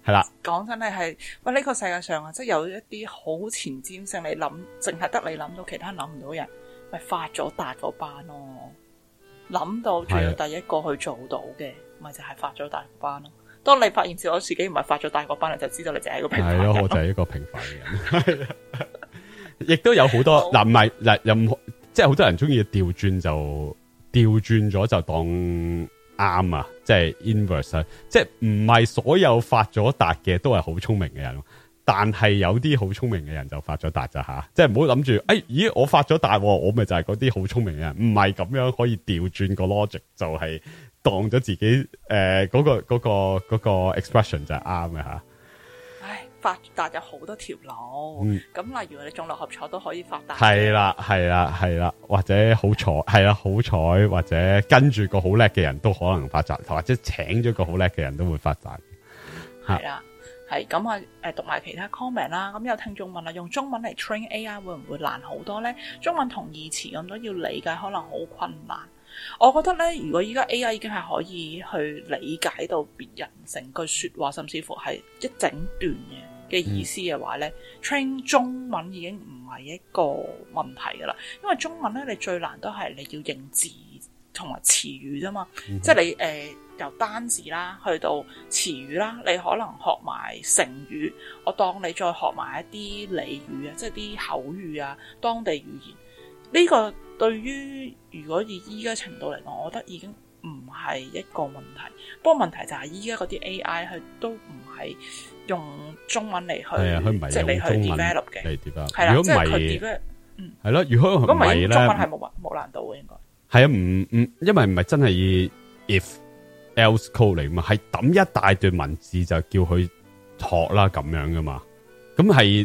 係 啦 ，講真係。係，喂呢、呢個世界上啊，即係有一啲好前瞻性，你諗淨係得你諗到，其他諗唔到人，咪發咗大嗰班咯。諗到仲要第一個去做到嘅，咪就係、是、發咗大嗰班咯。當你發現自我自己唔係發咗達個班，人，就知道你就係一個平凡人。係咯，我就係一個平凡嘅人。亦 都有多好多嗱，唔係嗱，任何、啊、即係好多人中意調轉就調轉咗就當啱啊！即係 inverse，、啊、即係唔係所有發咗達嘅都係好聰明嘅人。但係有啲好聰明嘅人就發咗達咋吓、啊，即係唔好諗住，哎咦我發咗達喎，我咪就係嗰啲好聰明嘅人，唔係咁樣可以調轉個 logic，就係當咗自己誒嗰、呃嗰個嗰、嗰個嗰、嗰個 expression 就係啱嘅嚇。唉，發達有好多條路，咁、嗯、例如你中六合彩都可以發達，係啦係啦係啦，係啦，或者好彩係啦好彩，或者跟住個好叻嘅人都可能發達，嗯、或者請咗個好叻嘅人都會發達嚇。係咁啊！誒讀埋其他 comment 啦。咁有聽眾問啦，用中文嚟 train AI 會唔會難好多呢？中文同義詞咁多要理解，可能好困難。我覺得呢，如果依家 AI 已經係可以去理解到別人成句說話，甚至乎係一整段嘅嘅意思嘅話呢、嗯、train 中文已經唔係一個問題噶啦。因為中文呢，你最難都係你要認字同埋詞語啫嘛。嗯、即係你誒。呃由單字啦，去到詞語啦，你可能學埋成語，我當你再學埋一啲俚語啊，即係啲口語啊，當地語言。呢個對於如果以依家程度嚟講，我覺得已經唔係一個問題。不過問題就係依家嗰啲 AI 佢都唔係用中文嚟去，即係你去 develop 嘅。係啦，即係佢 develop，嗯，係咯。如果唔係中文係冇難冇難度嘅應該係啊，唔唔，因為唔係真係 if。Else code 嚟嘛，係抌一大段文字就叫佢學啦咁樣噶嘛，咁係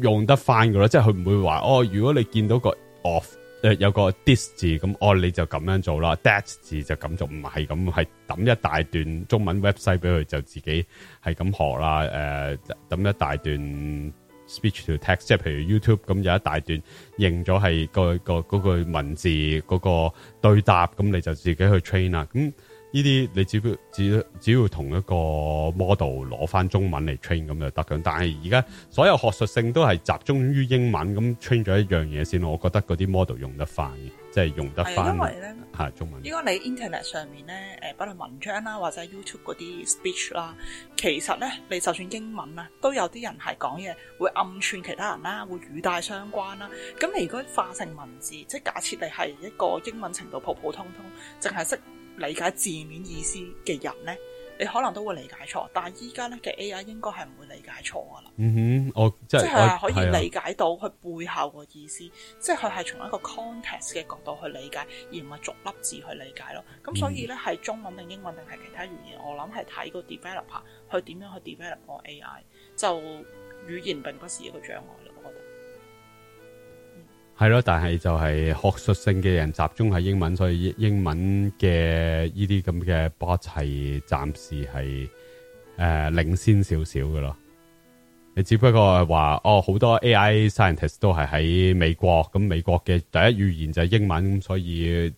用得翻噶啦，即係佢唔會話哦，如果你見到個 off 誒、呃、有個 this 字咁、嗯、哦，你就咁樣做啦，that 字就咁就唔係咁，係抌一大段中文 website 俾佢就自己係咁學啦，誒、呃、抌一大段 speech to text，即係譬如 YouTube 咁有一大段認咗係、嗰個、嗰個嗰、嗰個、文字嗰、嗰個對答，咁你就自己去 train 啦，咁、嗯。呢啲你只要只只要同一個 model 攞翻中文嚟 train 咁就得嘅，但係而家所有學術性都係集中於英文咁 train 咗一樣嘢先。我覺得嗰啲 model 用得翻嘅，即係用得翻。因為咧嚇中文如果你 internet 上面咧誒，不論文章啦、啊，或者 YouTube 嗰啲 speech 啦、啊，其實咧你就算英文啊，都有啲人係講嘢會暗串其他人啦、啊，會語帶相關啦、啊。咁你如果化成文字，即係假設你係一個英文程度普普通通，淨係識。理解字面意思嘅人咧，你可能都會理解錯，但係依家咧嘅 AI 應該係唔會理解錯噶啦。嗯哼，我即係可以理解到佢背後個意思，即係佢係從一個 context 嘅角度去理解，而唔係逐粒字去理解咯。咁所以咧，係、嗯、中文定英文定係其他語言，我諗係睇個 developer 去點樣去 develop 個 AI，就語言並不是一個障礙。係咯，但係就係學術性嘅人集中喺英文，所以英文嘅呢啲咁嘅 bot 係暫時係誒、呃、領先少少噶咯。你只不過話哦，好多 AI scientist 都係喺美國，咁、嗯、美國嘅第一語言就係英文，所以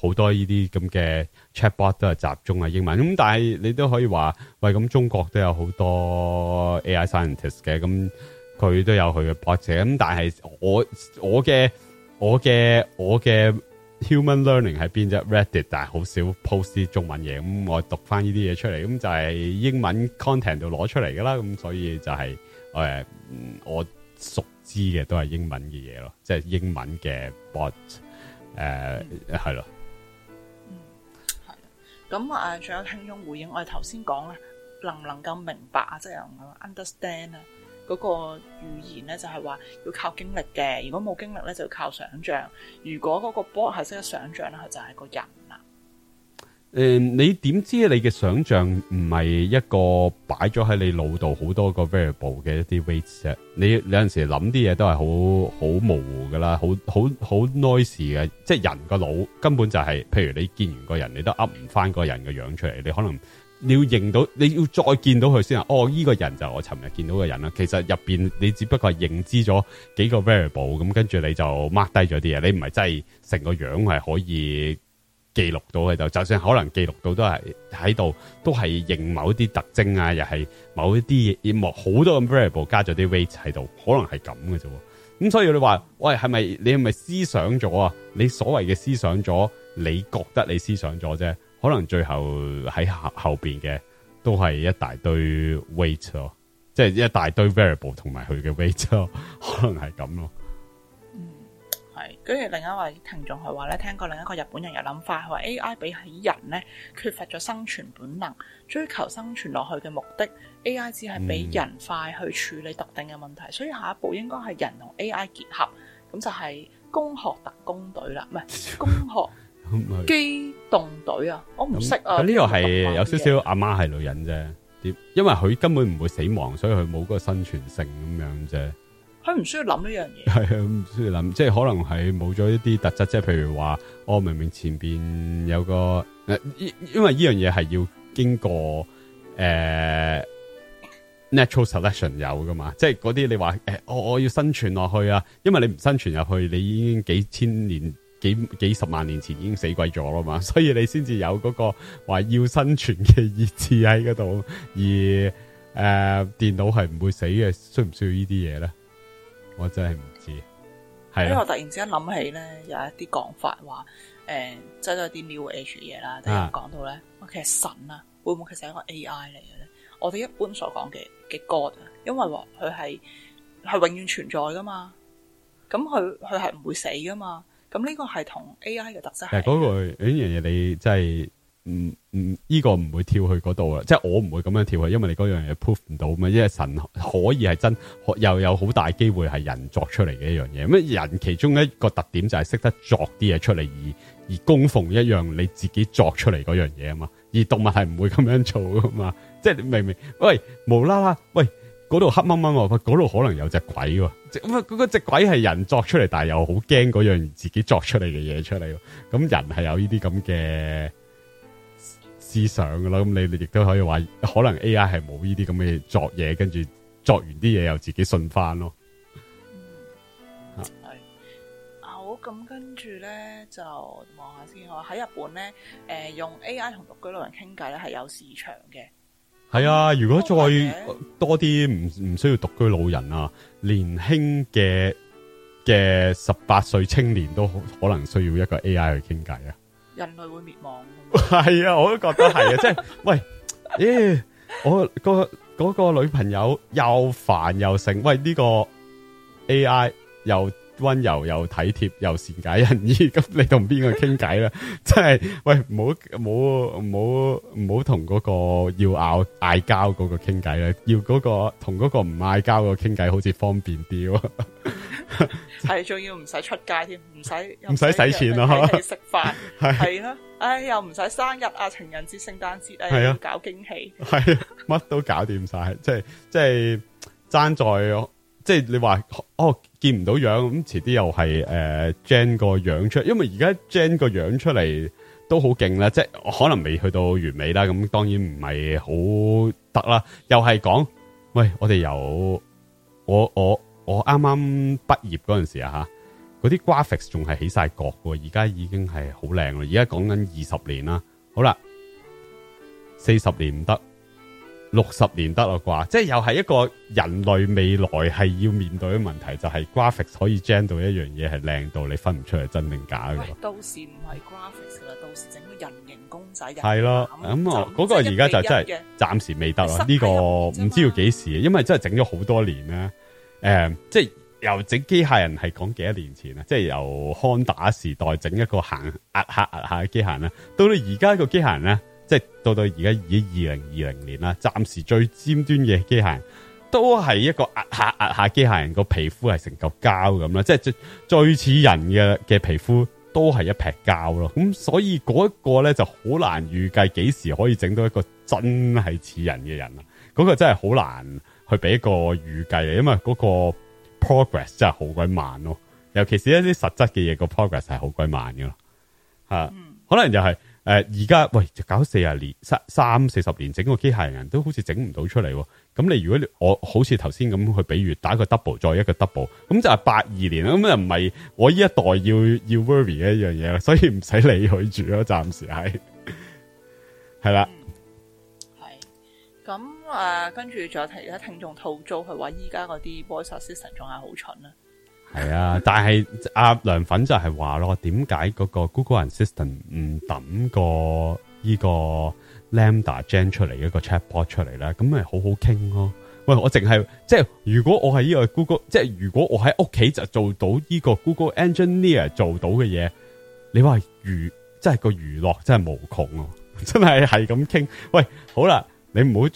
好多呢啲咁嘅 chatbot 都係集中喺英文。咁、嗯、但係你都可以話喂，咁、嗯、中國都有好多 AI scientist 嘅咁。嗯佢都有佢嘅 bot 嘅，咁但係我我嘅我嘅我嘅 human learning 喺邊隻 Reddit，但係好少 post 中文嘢，咁、嗯、我讀翻呢啲嘢出嚟，咁、嗯、就係、是、英文 content 度攞出嚟噶啦，咁、嗯、所以就係、是、誒、哎，我熟知嘅都係英文嘅嘢咯，即、就、係、是、英文嘅 bot 誒係咯，嗯係，咁仲、嗯啊、有聽眾回應我哋頭先講啊，能唔能夠明白啊，即、就、係、是、understand 啊？嗰、那個語言咧就係話要靠經歷嘅，如果冇經歷咧就要靠想像。如果嗰個波 a 係識得想像咧，佢就係、是、個人啦、呃。你點知你嘅想像唔係一個擺咗喺你腦度好多個 variable 嘅一啲位置？你有陣時諗啲嘢都係好好模糊噶啦，好好好 noise 嘅。即係、就是、人個腦根本就係、是，譬如你見完個人，你都噏唔返個人嘅樣出嚟，你可能。你要認到，你要再見到佢先啊！哦，依、這個人就我尋日見到個人啦。其實入邊你只不過係認知咗幾個 variable，咁跟住你就 mark 低咗啲嘢。你唔係真係成個樣係可以記錄到喺度，就算可能記錄到都係喺度，都係認某啲特徵啊，又係某一啲嘢，亦好多咁 variable 加咗啲 weight 喺度，可能係咁嘅啫。咁所以你話，喂，係咪你係咪思想咗啊？你所謂嘅思想咗，你覺得你思想咗啫。可能最後喺後邊嘅都係一大堆 weight 咯，即係一大堆 variable 同埋佢嘅 weight 咯，可能係咁咯。嗯，係跟住另一位聽眾係話咧，聽過另一個日本人有諗法，話 A I 比起人咧缺乏咗生存本能，追求生存落去嘅目的，A I 只係俾人快去處理特定嘅問題，嗯，所以下一步應該係人同 A I 結合，咁就係工學特工隊啦，唔係工學。 機、嗯、動隊啊，我唔識啊。咁、嗯、呢個係有少少阿媽係女人啫。點？因為佢根本唔會死亡，所以佢冇個生存性咁樣啫。佢唔需要諗呢樣嘢。係啊，唔需要諗。即係可能係冇咗一啲特質，即係譬如話，我、哦、明明前邊有個誒，因因為呢樣嘢係要經過誒、呃、natural selection 有㗎嘛。即係嗰啲你話誒，我、哎、我要生存落去啊。因為你唔生存入去，你已經幾千年。幾幾十萬年前已經死鬼咗啦嘛，所以你先至有嗰個話要生存嘅意志喺嗰度，而誒、呃、電腦係唔會死嘅，需唔需要這些東西呢啲嘢咧？我真係唔知。係啊，所以我突然之間諗起咧有一啲講法話，誒、呃，即係啲 new age 嘢啦，講到咧、啊，其實神啊會唔會其實係一個 AI 嚟嘅咧？我哋一般所講嘅嘅 God，啊，因為話佢係係永遠存在噶嘛，咁佢佢係唔會死噶嘛。咁、嗯、呢、這個係同 A I 嘅特質。其、呃、嗰、那個呢樣嘢你真係唔唔呢個唔會跳去嗰度啊，即係我唔會咁樣跳去，因為你嗰樣嘢 prove 唔到嘛。因為神可以係真，又有好大機會係人作出嚟嘅一樣嘢。咁人其中一個特點就係識得作啲嘢出嚟，而而供奉一樣你自己作出嚟嗰樣嘢啊嘛。而動物係唔會咁樣做噶嘛，即係你明明喂無啦啦喂。嗰度黑掹掹喎，嗰度可能有隻鬼喎，嗰個隻鬼係人作出嚟，但係又好驚嗰樣自己作出嚟嘅嘢出嚟，咁人係有呢啲咁嘅思想噶喇。咁你亦都可以話，可能 AI 係冇呢啲咁嘅作嘢，跟住作完啲嘢又自己信翻咯。係、嗯、好，咁跟住咧就望下先，我喺日本咧，誒、呃、用 AI 同獨居老人傾偈咧係有市場嘅。係啊，如果再多啲唔唔需要獨居老人啊，年輕嘅嘅十八歲青年都好可能需要一個 AI 去傾偈啊。人類會滅亡？係啊，我都覺得係啊， 即係喂，咦、欸，我個嗰個女朋友又煩又盛，喂呢個 AI 又。溫柔又體貼又善解人意，咁你同邊個傾偈啦？即 係喂，唔好，唔好，唔好同嗰個要拗嗌交嗰個傾偈啦，要嗰、嗰個同嗰個唔嗌交個傾偈，好似方便啲。係 仲要唔使出街添，唔使唔使使錢咯，哈！食飯係係啦，唉，又唔使、啊 啊啊哎、生日啊、情人節、聖誕節，係、啊、搞驚喜，係乜、啊、都搞掂晒，即係即係爭在。即係你話，哦，見唔到樣咁，遲啲又係誒 Jen 個樣出，因為而家 Jen 個樣出嚟，都好勁啦，即係可能未去到完美啦，咁當然唔係好得啦。又係講喂，我哋由我我我啱啱畢業嗰陣時啊吓，嗰啲 graphics 仲係起晒角喎。而家已經係好靚咯。而家講緊二十年啦，好啦，四十年唔得。六十年得啦啩，即係又係一個人類未來係要面對嘅問題，就係、是、graphics 可以 gen 到一樣嘢係靚到你分唔出係真定假嘅、哎。到時唔係 graphics 啦，到時整個人形公仔啊，係咯，咁我嗰個而家就真係暫時未得啦。呢、這個唔知道幾時，因為真係整咗好多年啦。誒、嗯嗯，即係由整機械人係講幾多年前啊，即係由 Honda 時代整一個行壓下壓下嘅機械人啦，到到而家個機械人咧。嗯嗯即係到到而家已經二零二零年啦，暫時最尖端嘅機械人都係一個壓下壓下機械人，個皮膚係成嚿膠咁啦，即係最最似人嘅嘅皮膚都係一劈膠咯。咁所以嗰一個咧就好難預計幾時可以整到一個真係似人嘅人啦。嗰、那個真係好難去俾一個預計嚟，因為嗰個 progress 真係好鬼慢咯。尤其是一啲實質嘅嘢，個 progress 係好鬼慢噶咯。吓、啊，可能又、就、係、是。誒、呃，而家喂，就搞四十年，三三四十年，整個機械人,人都好似整唔到出嚟。咁你如果我好似頭先咁去比喻，打個 double 再一個 double，咁就係八二年啦。咁又唔係我呢一代要要 worry 嘅一樣嘢，所以唔使理佢住咯。暫時係，係、嗯、啦。係， 咁誒、啊，跟住仲有聽有聽眾吐槽，佢話依家嗰啲 voice assistant 仲係好蠢係啊，但係阿梁粉就係話咯，點解嗰個 Google Assistant 唔抌個呢個 LaMDA Gen 出嚟一個 chatbot 出嚟呢？咁咪好好傾咯。喂，我淨係即係如果我係呢個 Google，即係如果我喺屋企就做到呢個 Google Engineer 做到嘅嘢，你話娛即係個娛樂真係無窮喎、啊，真係係咁傾。喂，好啦，你唔好，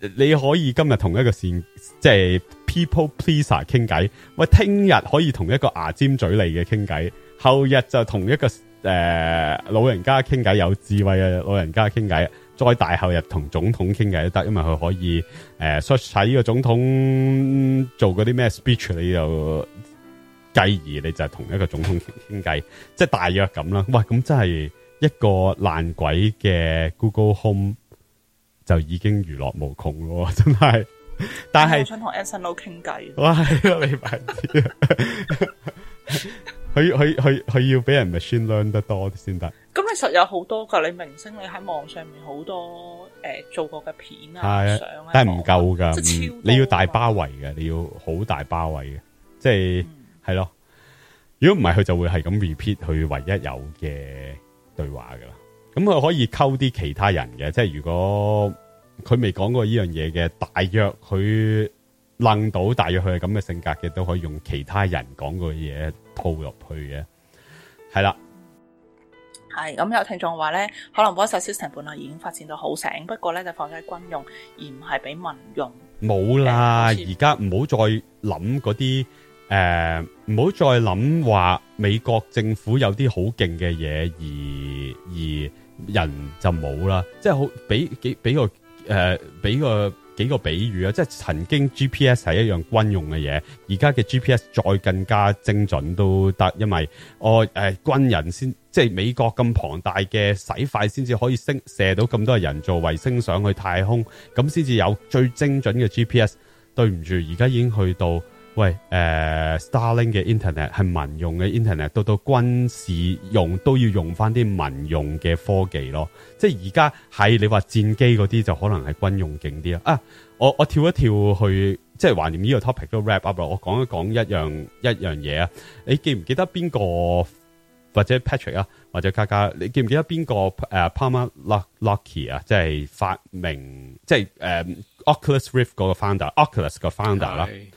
你可以今日同一個線即係。People pleaser 傾偈，喂，聽日可以同一個牙尖嘴利嘅傾偈，後日就同一個誒、呃、老人家傾偈，有智慧嘅老人家傾偈，再大後日同總統傾偈都得，因為佢可以誒 search 呢個總統做嗰啲咩 speech，你就繼而你就同一個總統傾傾偈，即係大約咁啦。喂，咁真係一個爛鬼嘅 Google Home 就已經娛樂無窮咯，真係。但係，想同 Anson Lo 傾偈。哇，係咯，你佢佢佢佢要俾人 machine learn 得多啲先得。咁其實有好多噶，你明星你喺網上面好多誒、呃、做過嘅片啊、相啊，但係唔夠噶，嗯嗯，你要大包圍嘅，你要好大包圍嘅，即係係咯。如果唔係，佢就會係咁 repeat 佢唯一有嘅對話噶啦。咁佢可以溝啲其他人嘅，即係如果。佢未講過呢樣嘢嘅，大約佢愣到，大約佢係咁嘅性格嘅，都可以用其他人講過嘅嘢套入去嘅，係啦。係咁有聽眾話咧，可能嗰首《小成本》啊已經發展到好醒，不過咧就放喺軍用，而唔係俾民用。冇啦，而家唔好再諗嗰啲誒，唔好再諗話美國政府有啲好勁嘅嘢，而而人就冇啦，即係好俾幾俾個。誒、呃，俾個幾個比喻啊，即係曾經 GPS 係一樣軍用嘅嘢，而家嘅 GPS 再更加精準都得，因為我誒、哦呃、軍人先，即係美國咁龐大嘅使費先至可以升射到咁多人造衛星上去太空，咁先至有最精準嘅 GPS 對。對唔住，而家已經去到。喂，誒、呃、Starlink 嘅 internet 係民用嘅 internet，到到軍事用都要用翻啲民用嘅科技咯。即係而家喺你話戰機嗰啲就可能係軍用勁啲啊！啊，我我跳一跳去，即係橫掂呢個 topic 都 wrap up 啦。我講一講一樣一樣嘢啊。你記唔記得邊個或者 Patrick 啊，或者卡卡？你記唔記得邊個誒、uh, Palmer Luckey 啊？即係發明即係誒、um, Oculus Rift 嗰個 founder，Oculus 個 founder 啦、啊。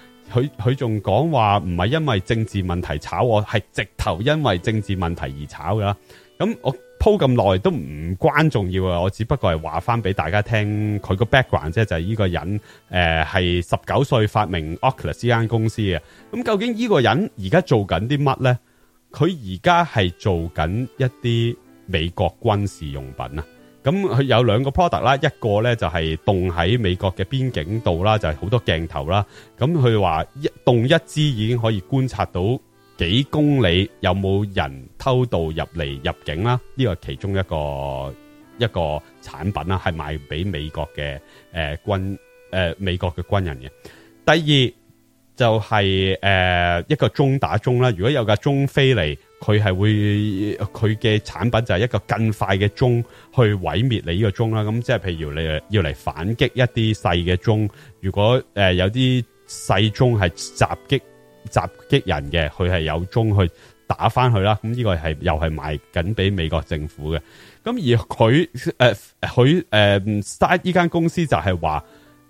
佢佢仲講話唔係因為政治問題炒我，係直頭因為政治問題而炒噶啦。咁我鋪咁耐都唔關重要啊，我只不過係話翻俾大家聽佢個 background 啫，就係呢個人誒係十九歲發明 Oculus 呢間公司啊。咁究竟呢個人而家做緊啲乜呢？佢而家係做緊一啲美國軍事用品啊。咁佢有兩個 product 啦，一個咧就係棟喺美國嘅邊境度啦，就係好多鏡頭啦。咁佢話一棟一支已經可以觀察到幾公里有冇人偷渡入嚟入境啦。呢個係其中一個一個產品啦，係賣俾美國嘅誒軍誒美國嘅軍人嘅。第二就係誒一個鐘打鐘啦，如果有架鐘飛嚟。佢係會佢嘅產品就係一個更快嘅鐘去毀滅你呢個鐘啦，咁即係譬如你要嚟反擊一啲細嘅鐘，如果誒、呃、有啲細鐘係襲擊襲擊人嘅，佢係有鐘去打翻佢啦。咁呢個係又係賣緊俾美國政府嘅。咁而佢誒佢誒 start 呢間公司就係話，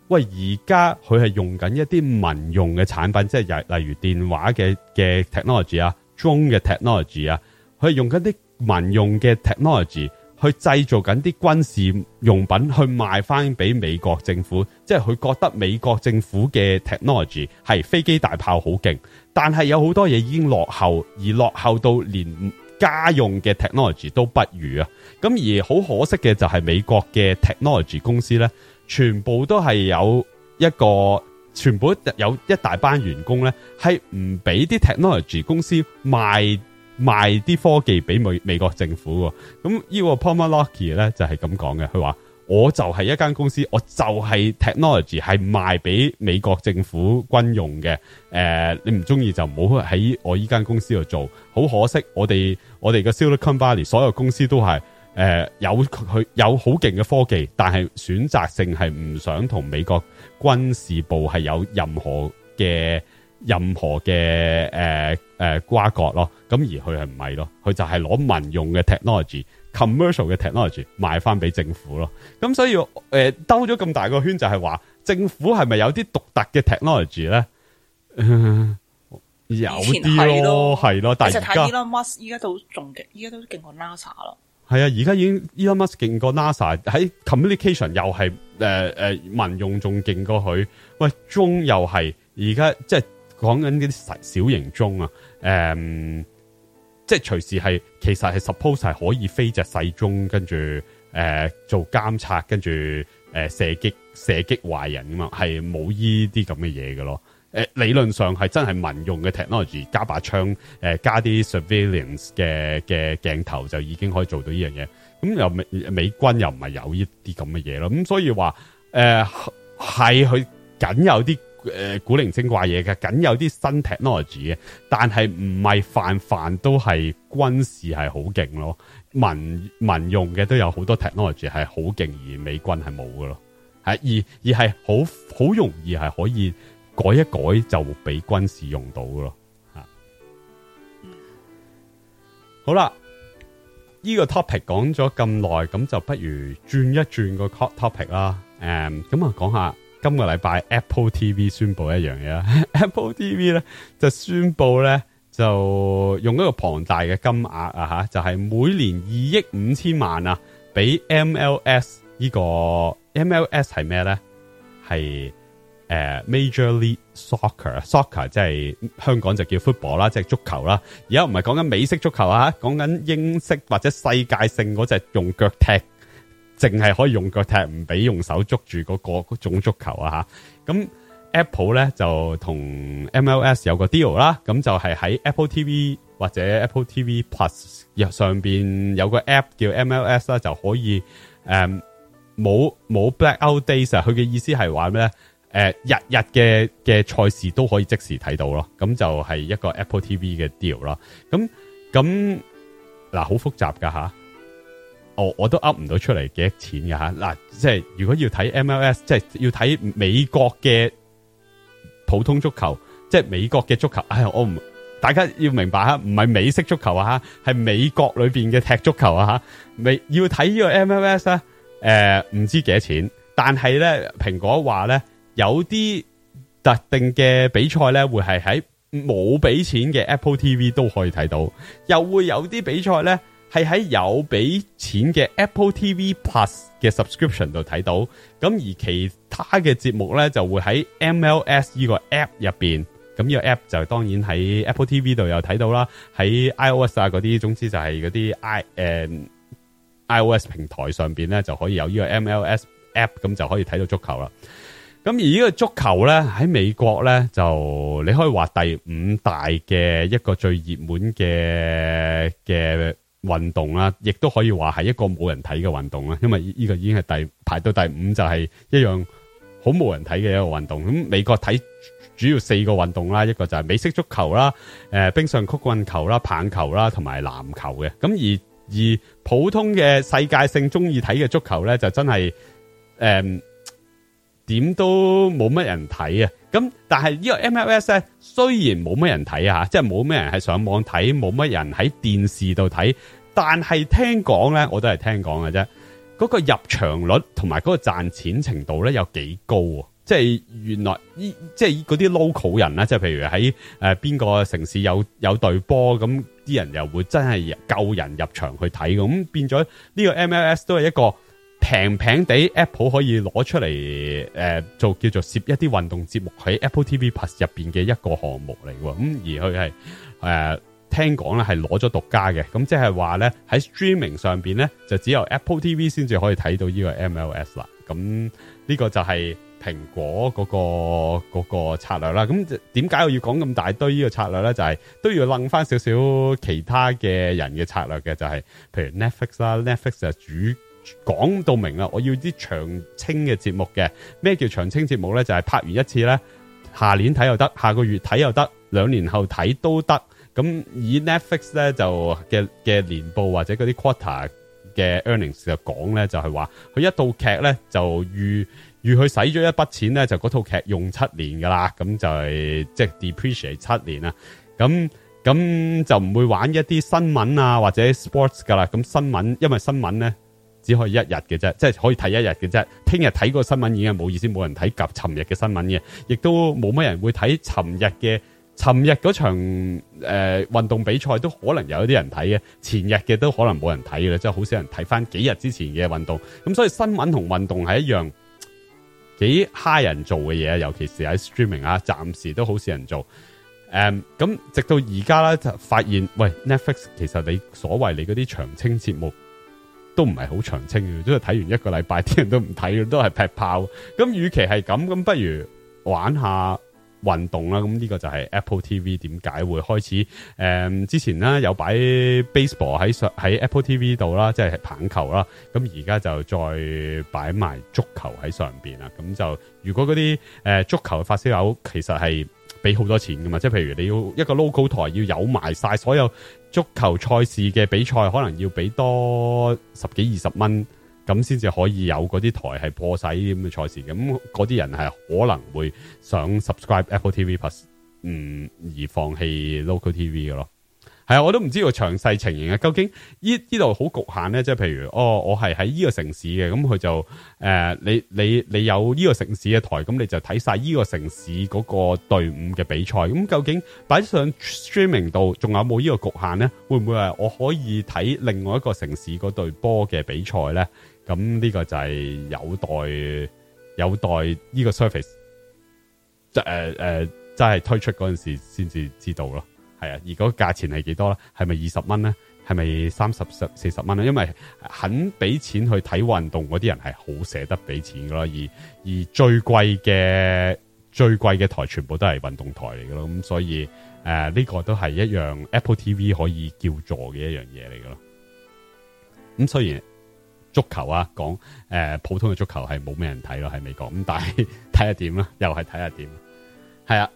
喂而家佢係用緊一啲民用嘅產品，即係例如電話嘅嘅 technology 啊。中嘅 technology 啊，佢用緊啲民用嘅 technology 去製造緊啲軍事用品去賣翻俾美國政府，即係佢覺得美國政府嘅 technology 係飛機大炮好勁，但係有好多嘢已經落後，而落後到連家用嘅 technology 都不如啊，咁而好可惜嘅就係美國嘅 technology 公司咧，全部都係有一個。全部有一大班員工咧，係唔俾啲 technology 公司賣賣啲科技俾美美國政府，咁呢個 Pomalucky 咧就係咁講嘅，佢話：「我就係一間公司，我就係 technology 係賣俾美國政府軍用嘅。誒、呃，你唔中意，就唔好喺我依間公司度做。好可惜我，我哋我哋嘅 Silicon Valley 所有公司都係誒、呃、有佢有好勁嘅科技，但係選擇性係唔想同美國。軍事部係有任何嘅任何嘅、呃呃呃、瓜葛咯，咁而佢係唔係咯？佢就係攞民用嘅 technology，commercial 嘅 technology 賣翻俾政府咯。咁所以誒兜咗咁大個圈就，就係話政府係咪有啲獨特嘅 technology 咧、呃？有啲咯，係咯，咯，咯，但係而家睇 Elon Musk，依家都仲勁，依家都勁過 NASA 咯。係啊，而家已經 Elon Musk 勁過 NASA，喺 communication 又係誒誒，民用仲勁過佢。喂，中又係，而家即係講緊啲小型中啊，誒、嗯，即係隨時係其實係 suppose 係可以飛隻細中，跟住誒、呃、做監察，跟住誒、呃、射擊射擊壞人嘛，係冇呢啲咁嘅嘢噶咯。誒、呃、理論上係真係民用嘅 technology 加把槍，誒、呃、加啲 surveillance 嘅嘅鏡頭就已經可以做到呢樣嘢。咁又美美軍又唔係有呢啲咁嘅嘢咯。咁所以話誒係佢僅有啲誒、呃、古靈精怪嘢嘅，僅有啲新 technology 嘅，但係唔係泛泛都係軍事係好勁咯。民民用嘅都有好多 technology 係好勁，而美軍係冇㗎咯，係而而係好好容易係可以。改一改就俾軍事用到咯，吓，好啦，呢個 topic 講咗咁耐，咁就不如轉一轉個 topic 啦、嗯。誒，咁啊，講下今個禮拜 Apple TV 宣布一樣嘢啦。 Apple TV 咧，就宣布咧，就用一個龐大嘅金額啊吓，就係、是、每年二億五千萬啊，俾 MLS、這個、 MLS 呢個 MLS 係咩咧？係。Uh, Major League Soccer，soccer 即係香港就叫 football 啦，即係足球啦。而家唔係講緊美式足球啊，講緊英式或者世界性嗰隻用腳踢，淨係可以用腳踢，唔俾用手捉住嗰個嗰種足球啊吓。咁 Apple 咧，就同 MLS 有個 deal 啦，咁就係喺 Apple TV 或者 Apple TV Plus 上邊有個 app 叫 MLS 啦，就可以誒，冇冇 blackout days。佢嘅意思係話咩咧誒、呃，日日嘅嘅賽事都可以即時睇到咯，咁就係一個 Apple TV 嘅 deal 啦。咁咁嗱，好、嗯啊、複雜噶吓、啊哦，我我都 up 唔到出嚟幾錢噶吓。嗱、啊，即、啊、係、就是、如果要睇 MLS，即係要睇美國嘅普通足球，即、就、係、是、美國嘅足球。哎呀，我唔，大家要明白吓，唔係美式足球啊吓，係美國裏邊嘅踢足球啊吓。要睇呢個 MLS 咧，誒、呃，唔知幾錢，但係咧蘋果話咧。有啲特定嘅比賽呢會係喺冇俾錢嘅 Apple TV 都可以睇到，又會有啲比賽呢係喺有俾錢嘅 Apple TV Plus 嘅 subscription 度睇到，咁而其他嘅節目呢就會喺 MLS 呢個 app 入邊，咁呢個 app 就當然喺 Apple TV 度有睇到啦，喺 iOS 啊嗰啲，總之就係嗰啲 i 誒、呃、iOS 平台上邊呢就可以有呢個 MLS app，咁就可以睇到足球啦。咁而呢個足球咧，喺美國咧，就你可以話第五大嘅一個最熱門嘅嘅運動啦，亦都可以話係一個冇人睇嘅運動啦，因為呢個已經係第排到第五就係一樣好冇人睇嘅一個運動。咁美國睇主要四個運動啦，一個就係美式足球啦，誒、呃、冰上曲棍球啦、棒球啦同埋籃球嘅。咁而而普通嘅世界性中意睇嘅足球咧，就真係誒。嗯點都冇乜人睇啊。咁但係呢個 MLS 咧，雖然冇乜人睇啊，即係冇乜人喺上網睇，冇乜人喺電視度睇，但係聽講咧，我都係聽講嘅啫。嗰、嗰個入場率同埋嗰個賺錢程度咧，有幾高啊？即、就、係、是、原來呢，即係嗰啲 local 人呢，即係譬如喺誒邊個城市有有隊波，咁啲人又會真係救人入場去睇。咁變咗呢個 MLS 都係一個。平平地 Apple 可以攞出嚟，誒、呃、做叫做攝一啲運動節目喺 Apple TV Plus 入邊嘅一個項目嚟喎，咁、嗯、而佢係誒聽講咧係攞咗獨家嘅，咁即係話咧喺 streaming 上邊咧就只有 Apple TV 先至可以睇到呢個 MLS 啦，咁呢個就係蘋果嗰、那個嗰、那個策略啦。咁點解我要講咁大堆呢個策略咧？就係、是、都要諗翻少少其他嘅人嘅策略嘅，就係、是、譬如 Netflix 啦，Netflix 就主。講到明啦，我要啲長青嘅節目嘅。咩叫長青節目咧？就係、是、拍完一次咧，下年睇又得，下個月睇又得，兩年後睇都得。咁以 Netflix 咧就嘅嘅年報或者嗰啲 quarter 嘅 earnings 就講咧，就係話佢一套劇咧就預預佢使咗一筆錢咧，就嗰套劇用七年噶啦，咁就係即係 depreciate 七年啦。咁咁就唔會玩一啲新聞啊或者 sports 噶啦。咁新聞因為新聞咧，只可以一日嘅啫，即係可以睇一日嘅啫。聽日睇個新聞已經係冇意思，冇人睇及尋日嘅新聞嘅，亦都冇乜人會睇尋日嘅。尋日嗰場誒呃、運動比賽都可能有一啲人睇嘅，前日嘅都可能冇人睇嘅，即係好少人睇翻幾日之前嘅運動。咁所以新聞同運動係一樣幾蝦人做嘅嘢，尤其是喺 streaming 啊，暫時都好少人做。誒、嗯，咁直到而家咧就發現，喂 Netflix，其實你所謂你嗰啲長青節目。都唔係好長青嘅，都係睇完一個禮拜啲人都唔睇，都係劈炮。咁與其係咁，咁不如玩下運動啦。咁呢個就係 Apple TV 點解會開始？誒、嗯，之前呢有擺 baseball 喺上喺 Apple TV 度啦，即係棒球啦。咁而家就再擺埋足球喺上邊啦。咁就如果嗰啲誒足球發燒友其實係俾好多錢噶嘛，即係譬如你要一個 local 台，要有埋晒所有。足球賽事嘅比賽可能要俾多十幾二十蚊，咁先至可以有嗰啲台係播晒啲咁嘅賽事。咁嗰啲人係可能會想 subscribe Apple TV Plus，嗯，而放棄 local TV 嘅咯。係，我都唔知道詳細情形啊！究竟呢度好局限咧？即係譬如，哦，我係喺呢個城市嘅，咁佢就誒、呃，你你你有呢個城市嘅台，咁你就睇晒呢個城市嗰個隊伍嘅比賽。咁究竟擺上 streaming 度，仲有冇呢個局限咧？會唔會係我可以睇另外一個城市嗰隊波嘅比賽咧？咁呢個就係有待有待呢個 service，即係誒誒，即、呃、係、即係、推出嗰陣時先至知道咯。係啊，而嗰個價錢係幾多咧？係咪二十蚊咧？係咪三十十四十蚊咧？因為肯俾錢去睇運動嗰啲人係好捨得俾錢噶咯，而而最貴嘅最貴嘅台全部都係運動台嚟噶咯，咁所以誒呢、呃這個都係一樣 Apple TV 可以叫做嘅一樣嘢嚟噶咯。咁雖然足球啊，講誒、呃、普通嘅足球係冇咩人睇咯喺美國，咁但係睇下點啦，又係睇下點，係啊。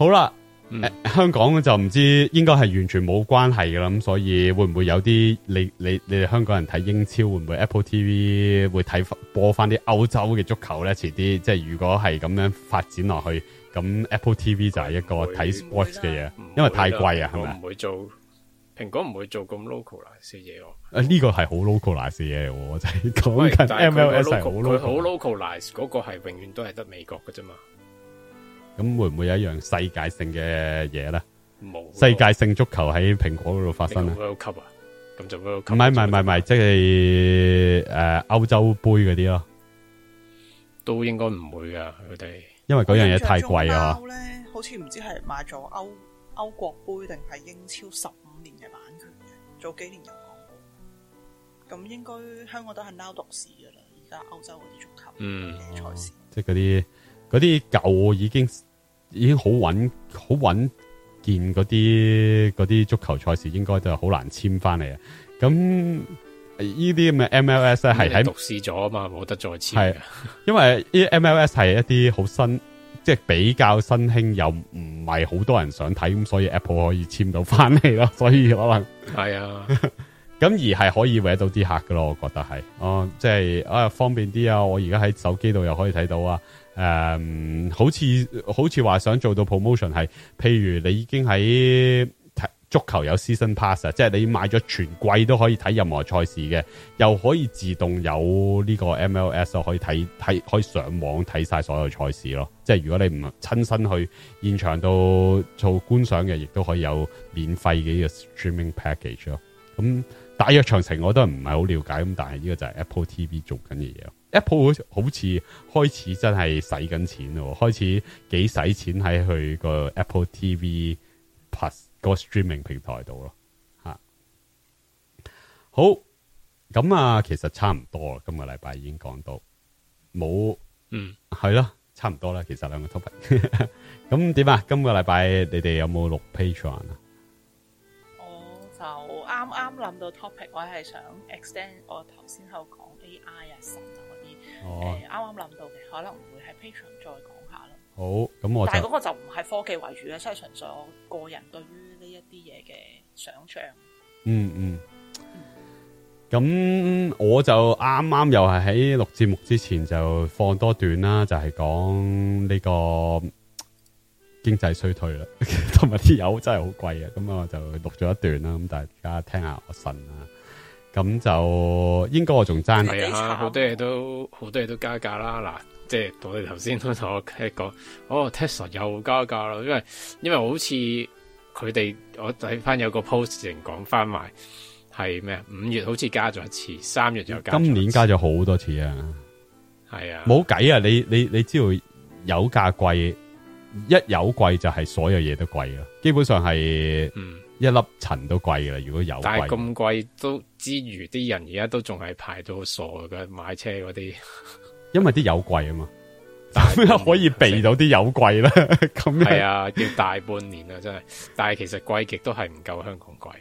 好啦，嗯、呃，香港就唔知應該係完全冇關係噶啦咁所以會唔會有啲你你你哋香港人睇英超會唔會 Apple TV 會睇播翻啲歐洲嘅足球咧遲啲即係如果係咁樣發展落去，咁 Apple TV 就係一個睇 sports 嘅嘢，因為太貴啊，係、啊，咪？唔會做蘋果唔會做咁 localize 嘅嘢喎。誒、這、呢個係好 localize 嘅嘢嚟，我就係講緊 MLS 係好 local，佢好 localize 嗰個係永遠都係得美國噶啫嘛咁會唔會有一樣世界性嘅嘢咧？冇世界性足球喺蘋果嗰度發生啊！咁就唔係唔係唔係，即係誒歐洲盃嗰啲咯，都應該唔會噶佢哋，因為嗰樣嘢太貴啊！好似唔知係買咗歐歐國盃定係英超十五年嘅版權嘅，早幾年有講過，咁應該香港都係 Now 獨市噶啦，而家歐洲嗰啲足球嘅賽事，即係嗰啲嗰啲舊已經。已經好穩好穩，見嗰啲嗰啲足球賽事應該都係好難簽翻嚟嘅。咁呢啲咁嘅 MLS 咧係喺獨市咗啊嘛，冇得再簽。係，因為呢 MLS 係一啲好新，即係比較新興，又唔係好多人想睇，咁所以 Apple 可以簽到翻嚟咯。所以可能係啊，咁 而係可以搵到啲客噶咯。我覺得係，哦、嗯，即係啊，方便啲啊，我而家喺手機度又可以睇到啊。誒、um，好似好似話想做到 promotion 係，譬如你已經喺足球有 season pass 啊，即係你買咗全季都可以睇任何賽事嘅，又可以自動有呢個 MLS 可以睇睇可以上網睇晒所有賽事咯。即係如果你唔親身去現場度做觀賞嘅，亦都可以有免費嘅呢個 streaming package 咯。咁、嗯、大約詳情我都唔係好了解，咁但係呢個就係 Apple TV 做緊嘅嘢。Apple 好似開始真係使緊錢咯，開始幾使錢喺佢個 Apple TV Plus 個 streaming 平台度咯，吓、啊、好咁啊，其實差唔多啦，今個禮拜已經講到冇，嗯，係咯、啊，差唔多啦，其實兩個 topic，咁點 啊？今個禮拜你哋有冇錄 Patreon 啊？我就啱啱諗到 topic，我係想 extend 我頭先喺度講 AI 啊。哦，啱啱諗到嘅，可能唔會喺 Patreon 再講下啦。好，咁我就但係嗰個就唔係科技為主嘅，即係純粹我個人對於呢一啲嘢嘅想象，嗯。嗯嗯，咁我就啱啱又係喺錄節目之前就放多段啦，就係講呢個經濟衰退啦，同埋啲油真係好貴啊！咁啊我就錄咗一段啦，咁大家聽下我神啊！咁就應該我仲爭啲啊！好多嘢都好多嘢都加價啦。嗱，即係到你頭先都同我聽講，哦，Tesla 又加價啦。因為因為我好似佢哋，我睇翻有個 posting 講翻埋係咩啊？五月好似加咗一次，三月又加一次，今年加咗好多次啊！係啊，冇計啊！你你你知道有價貴，一有貴就係所有嘢都貴啊！基本上係嗯。一粒塵都貴噶啦，如果有貴。但係咁貴都之餘，啲人而家都仲係排到傻噶，買車嗰啲。因為啲油貴啊嘛，咁可以避到啲油貴啦。咁係啊，要大半年啊，真係。但係其實貴極都係唔夠香港貴。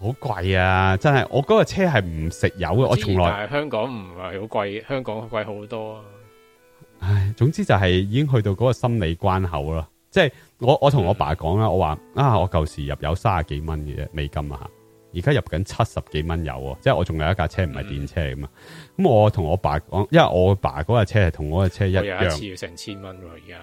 好貴啊！真係，我嗰個車係唔食油嘅，我從來。香港唔係好貴，香港好貴好多。唉，總之就係已經去到嗰個心理關口啦。即係我我同我爸講啦，我話啊我舊時入油三十幾蚊嘅啫美金啊而家入緊七十幾蚊油啊，即係我仲有一架車唔係電車嚟嘛，咁、嗯、我同我爸講，因為我爸嗰架車係同我架車一,一樣，有一次要成千蚊喎，而家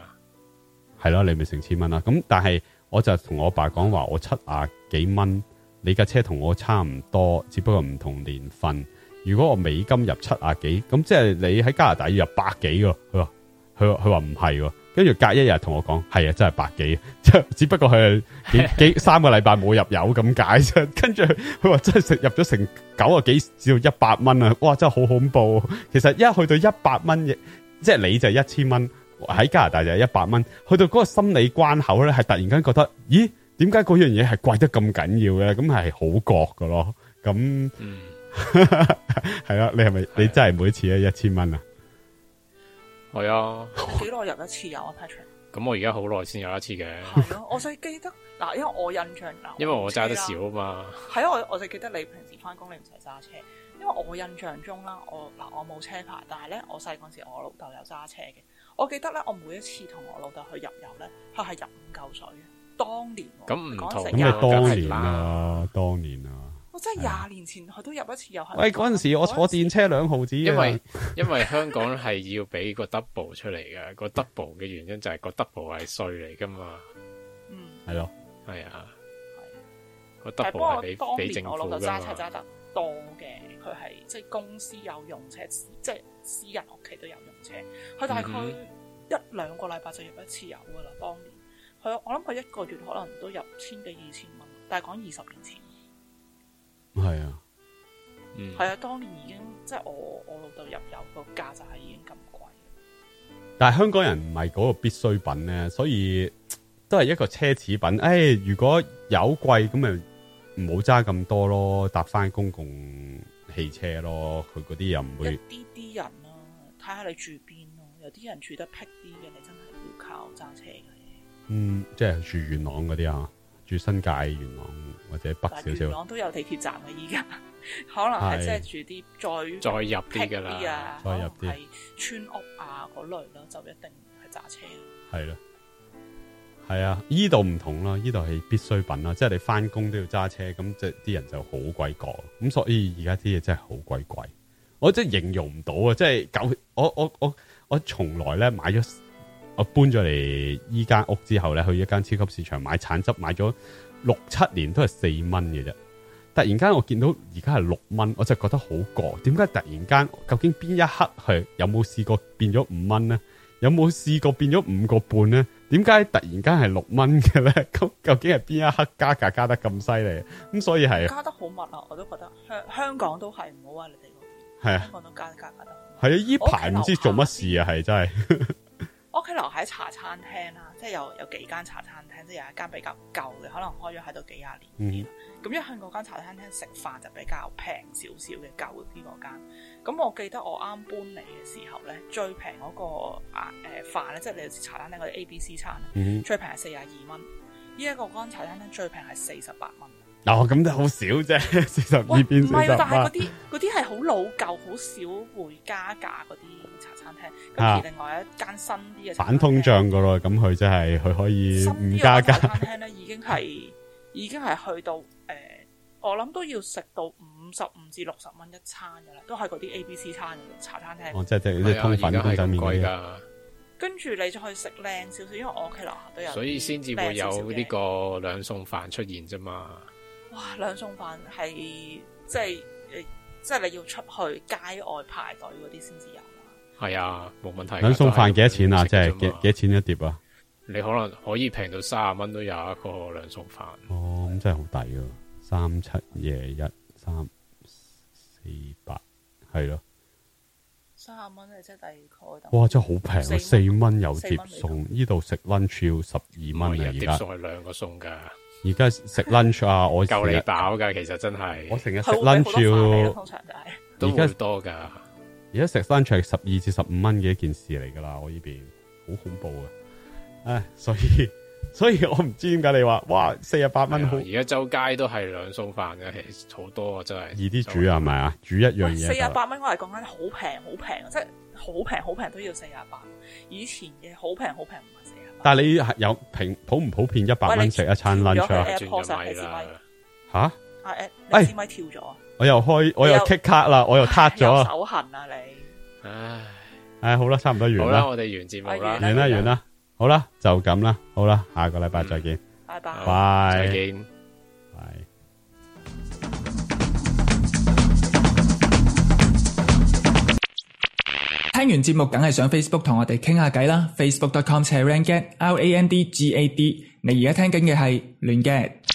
係咯，你咪成千蚊啦，咁但係我就同我爸講話，我七啊幾蚊，你架車同我差唔多，只不過唔同年份，如果我美金入七啊幾，咁即係你喺加拿大要入百幾噶，佢話佢話佢話唔係喎。跟住隔一日同我講，係啊，真係百幾，只只不過佢幾幾三個禮拜冇入油咁解啫。跟住佢話真係食入咗成九啊幾至到一百蚊啊，哇，真係好恐怖。其實一去到一百蚊，即係你就一千蚊，喺加拿大就係一百蚊。去到嗰個心理關口咧，係突然間覺得，咦，點解嗰樣嘢係貴得咁緊要嘅？咁係好覺㗎咯。咁，係、嗯、 啊？你係咪你真係每次一千蚊啊？係啊，幾耐入一次油啊？Patrick，咁我而家好耐先有一次嘅、啊。係咯 啊，我就記得嗱，因為我印象， 因為我揸得少啊嘛。喺、 啊、我我就記得你平時翻工你唔使揸車，因為我印象中啦，我嗱我冇車牌，但係咧我細嗰陣時候我老豆有揸車嘅。我記得咧我每一次同我老豆去入油咧，佢係入五嚿水。當年咁唔同，咁你當年啊，當年啊。我、哦、真係廿年前佢、哎、都入一次油。喂，嗰陣時我坐電車兩毫紙。因為 因為香港係要俾個 double 出嚟嘅，個 double 嘅原因就係個 double 係稅嚟噶嘛。嗯、係、哎、咯，係啊，個 double 係俾俾政府噶嘛。我老豆揸車揸得多嘅，佢係即係公司有用車，即係私人屋企都有用車。佢大概一兩、嗯、個禮拜就入一次油噶啦。當年，佢我諗佢一個月可能都入千幾二千蚊，但係講二十年前。係啊，係、嗯、啊！當年已經即係我我老豆入油，個價就係已經咁貴了。但係香港人唔係嗰個必需品咧，所以都係一個奢侈品。誒、哎，如果有貴咁咪唔好揸咁多咯，搭返公共汽車咯。佢嗰啲又唔會一啲啲人咯，啊，睇下你住邊咯。有啲人住得僻啲嘅，你真係要靠揸車嘅。嗯，即係住元朗嗰啲啊。住新界元朗或者北少少，元朗都有地鐵站啊！依家，可能係即係住啲再再入啲噶啦，再入啲村屋啊嗰類咯，就一定係揸車。係咯，係啊，呢度唔同啦，呢度係必需品啦，即係你翻工都要揸車，咁即係啲人就好鬼焗，咁所以而家啲嘢真係好鬼貴，我真係形容唔到啊！即係舊，我我我我從來咧買咗。我搬咗嚟依間屋之後咧，去一間超級市場買橙汁，買咗六七年都係四蚊嘅啫。突然間我見到而家係六蚊，我就覺得好過。點解突然間？究竟邊一刻係有冇試過變咗五蚊咧？有冇試過變咗五個半咧？點解突然間係六蚊嘅咧？咁究竟係邊一刻加價加得咁犀利？咁所以係加得好密啊！我都覺得香香港都係唔好啊！你哋係啊，都加價加價都我都加價加得係啊！依排唔知做乜事啊，係真係。 我屋企留喺茶餐廳啦，即係有有幾間茶餐廳，即係有一間比較舊嘅，可能開咗喺度幾廿年。咁、嗯、一向嗰間茶餐廳食飯就比較平少少嘅舊啲嗰間。咁我記得我啱搬嚟嘅時候咧，最平嗰、嗰個啊誒飯咧，即係你茶餐廳嗰啲 A B C 餐，嗯、最平係四十二蚊。依、呢、一個間茶餐廳最平係四十八蚊。嗱、哦，咁就好少啫，四十二邊四十八。唔係，但係嗰啲嗰啲係好老舊，好少會加價嗰啲。餐、啊、廳，跟住另外一間新啲嘅反通脹嘅咯，咁佢即係佢可以唔加價。餐廳咧， 已經係已經係去到誒、呃，我諗都要食到五十五至六十蚊一餐噶啦，都係嗰啲 A B C 餐茶餐廳。哦，即係啲係通粉同埋麵嘅。跟住你就可以食靚少少，因為我屋企樓下都有，所以先至會有呢、這個兩餸飯出現啫嘛。哇，兩餸飯係即係誒，即係你要出去街外排隊嗰啲先至有。係啊，冇問題。兩餸飯幾多錢啊？即係幾幾錢一碟啊？你可能可以平到卅蚊都有一個兩餸飯。哦，咁真係好抵喎！三七二一，三四八，係咯。卅蚊誒，即係大概。哇！真係好平，啊四蚊有接送。呢度食 lunch 要十二蚊啊！而家碟送係兩個餸噶。而家食 lunch 啊，我夠、啊、 你飽噶，其實真係。我成日食 lunch 要會會、啊。通常就係、是、都好多噶。而家食 lunch 係十二至十五蚊嘅一件事嚟噶啦，我呢邊好恐怖啊！唉，所以所以我唔知點解你話哇四十八蚊好，而家周街都係兩餸飯嘅，其實好多啊真係。而啲煮係咪啊？煮一樣嘢四十八蚊，我係講緊好平好平，即係好平好平都要四十八。以前嘅好平好平唔係四十八。但係你有平普唔普遍一百蚊食一餐 lunch 啊？轉嘅咪吓，阿你啲咪跳咗啊？啊哎我又開，我又 kick 卡啦，我又撻咗啊！手痕啊你！唉，唉好啦，差唔多完啦，我哋完節目啦，完啦完啦，好啦就咁啦，好啦下個禮拜再見，拜拜，再見，拜。聽完節目，梗係上 Facebook 同我哋傾下偈啦，facebook.com/landgad，L A N D G A D，你而家聽緊嘅係亂 gad。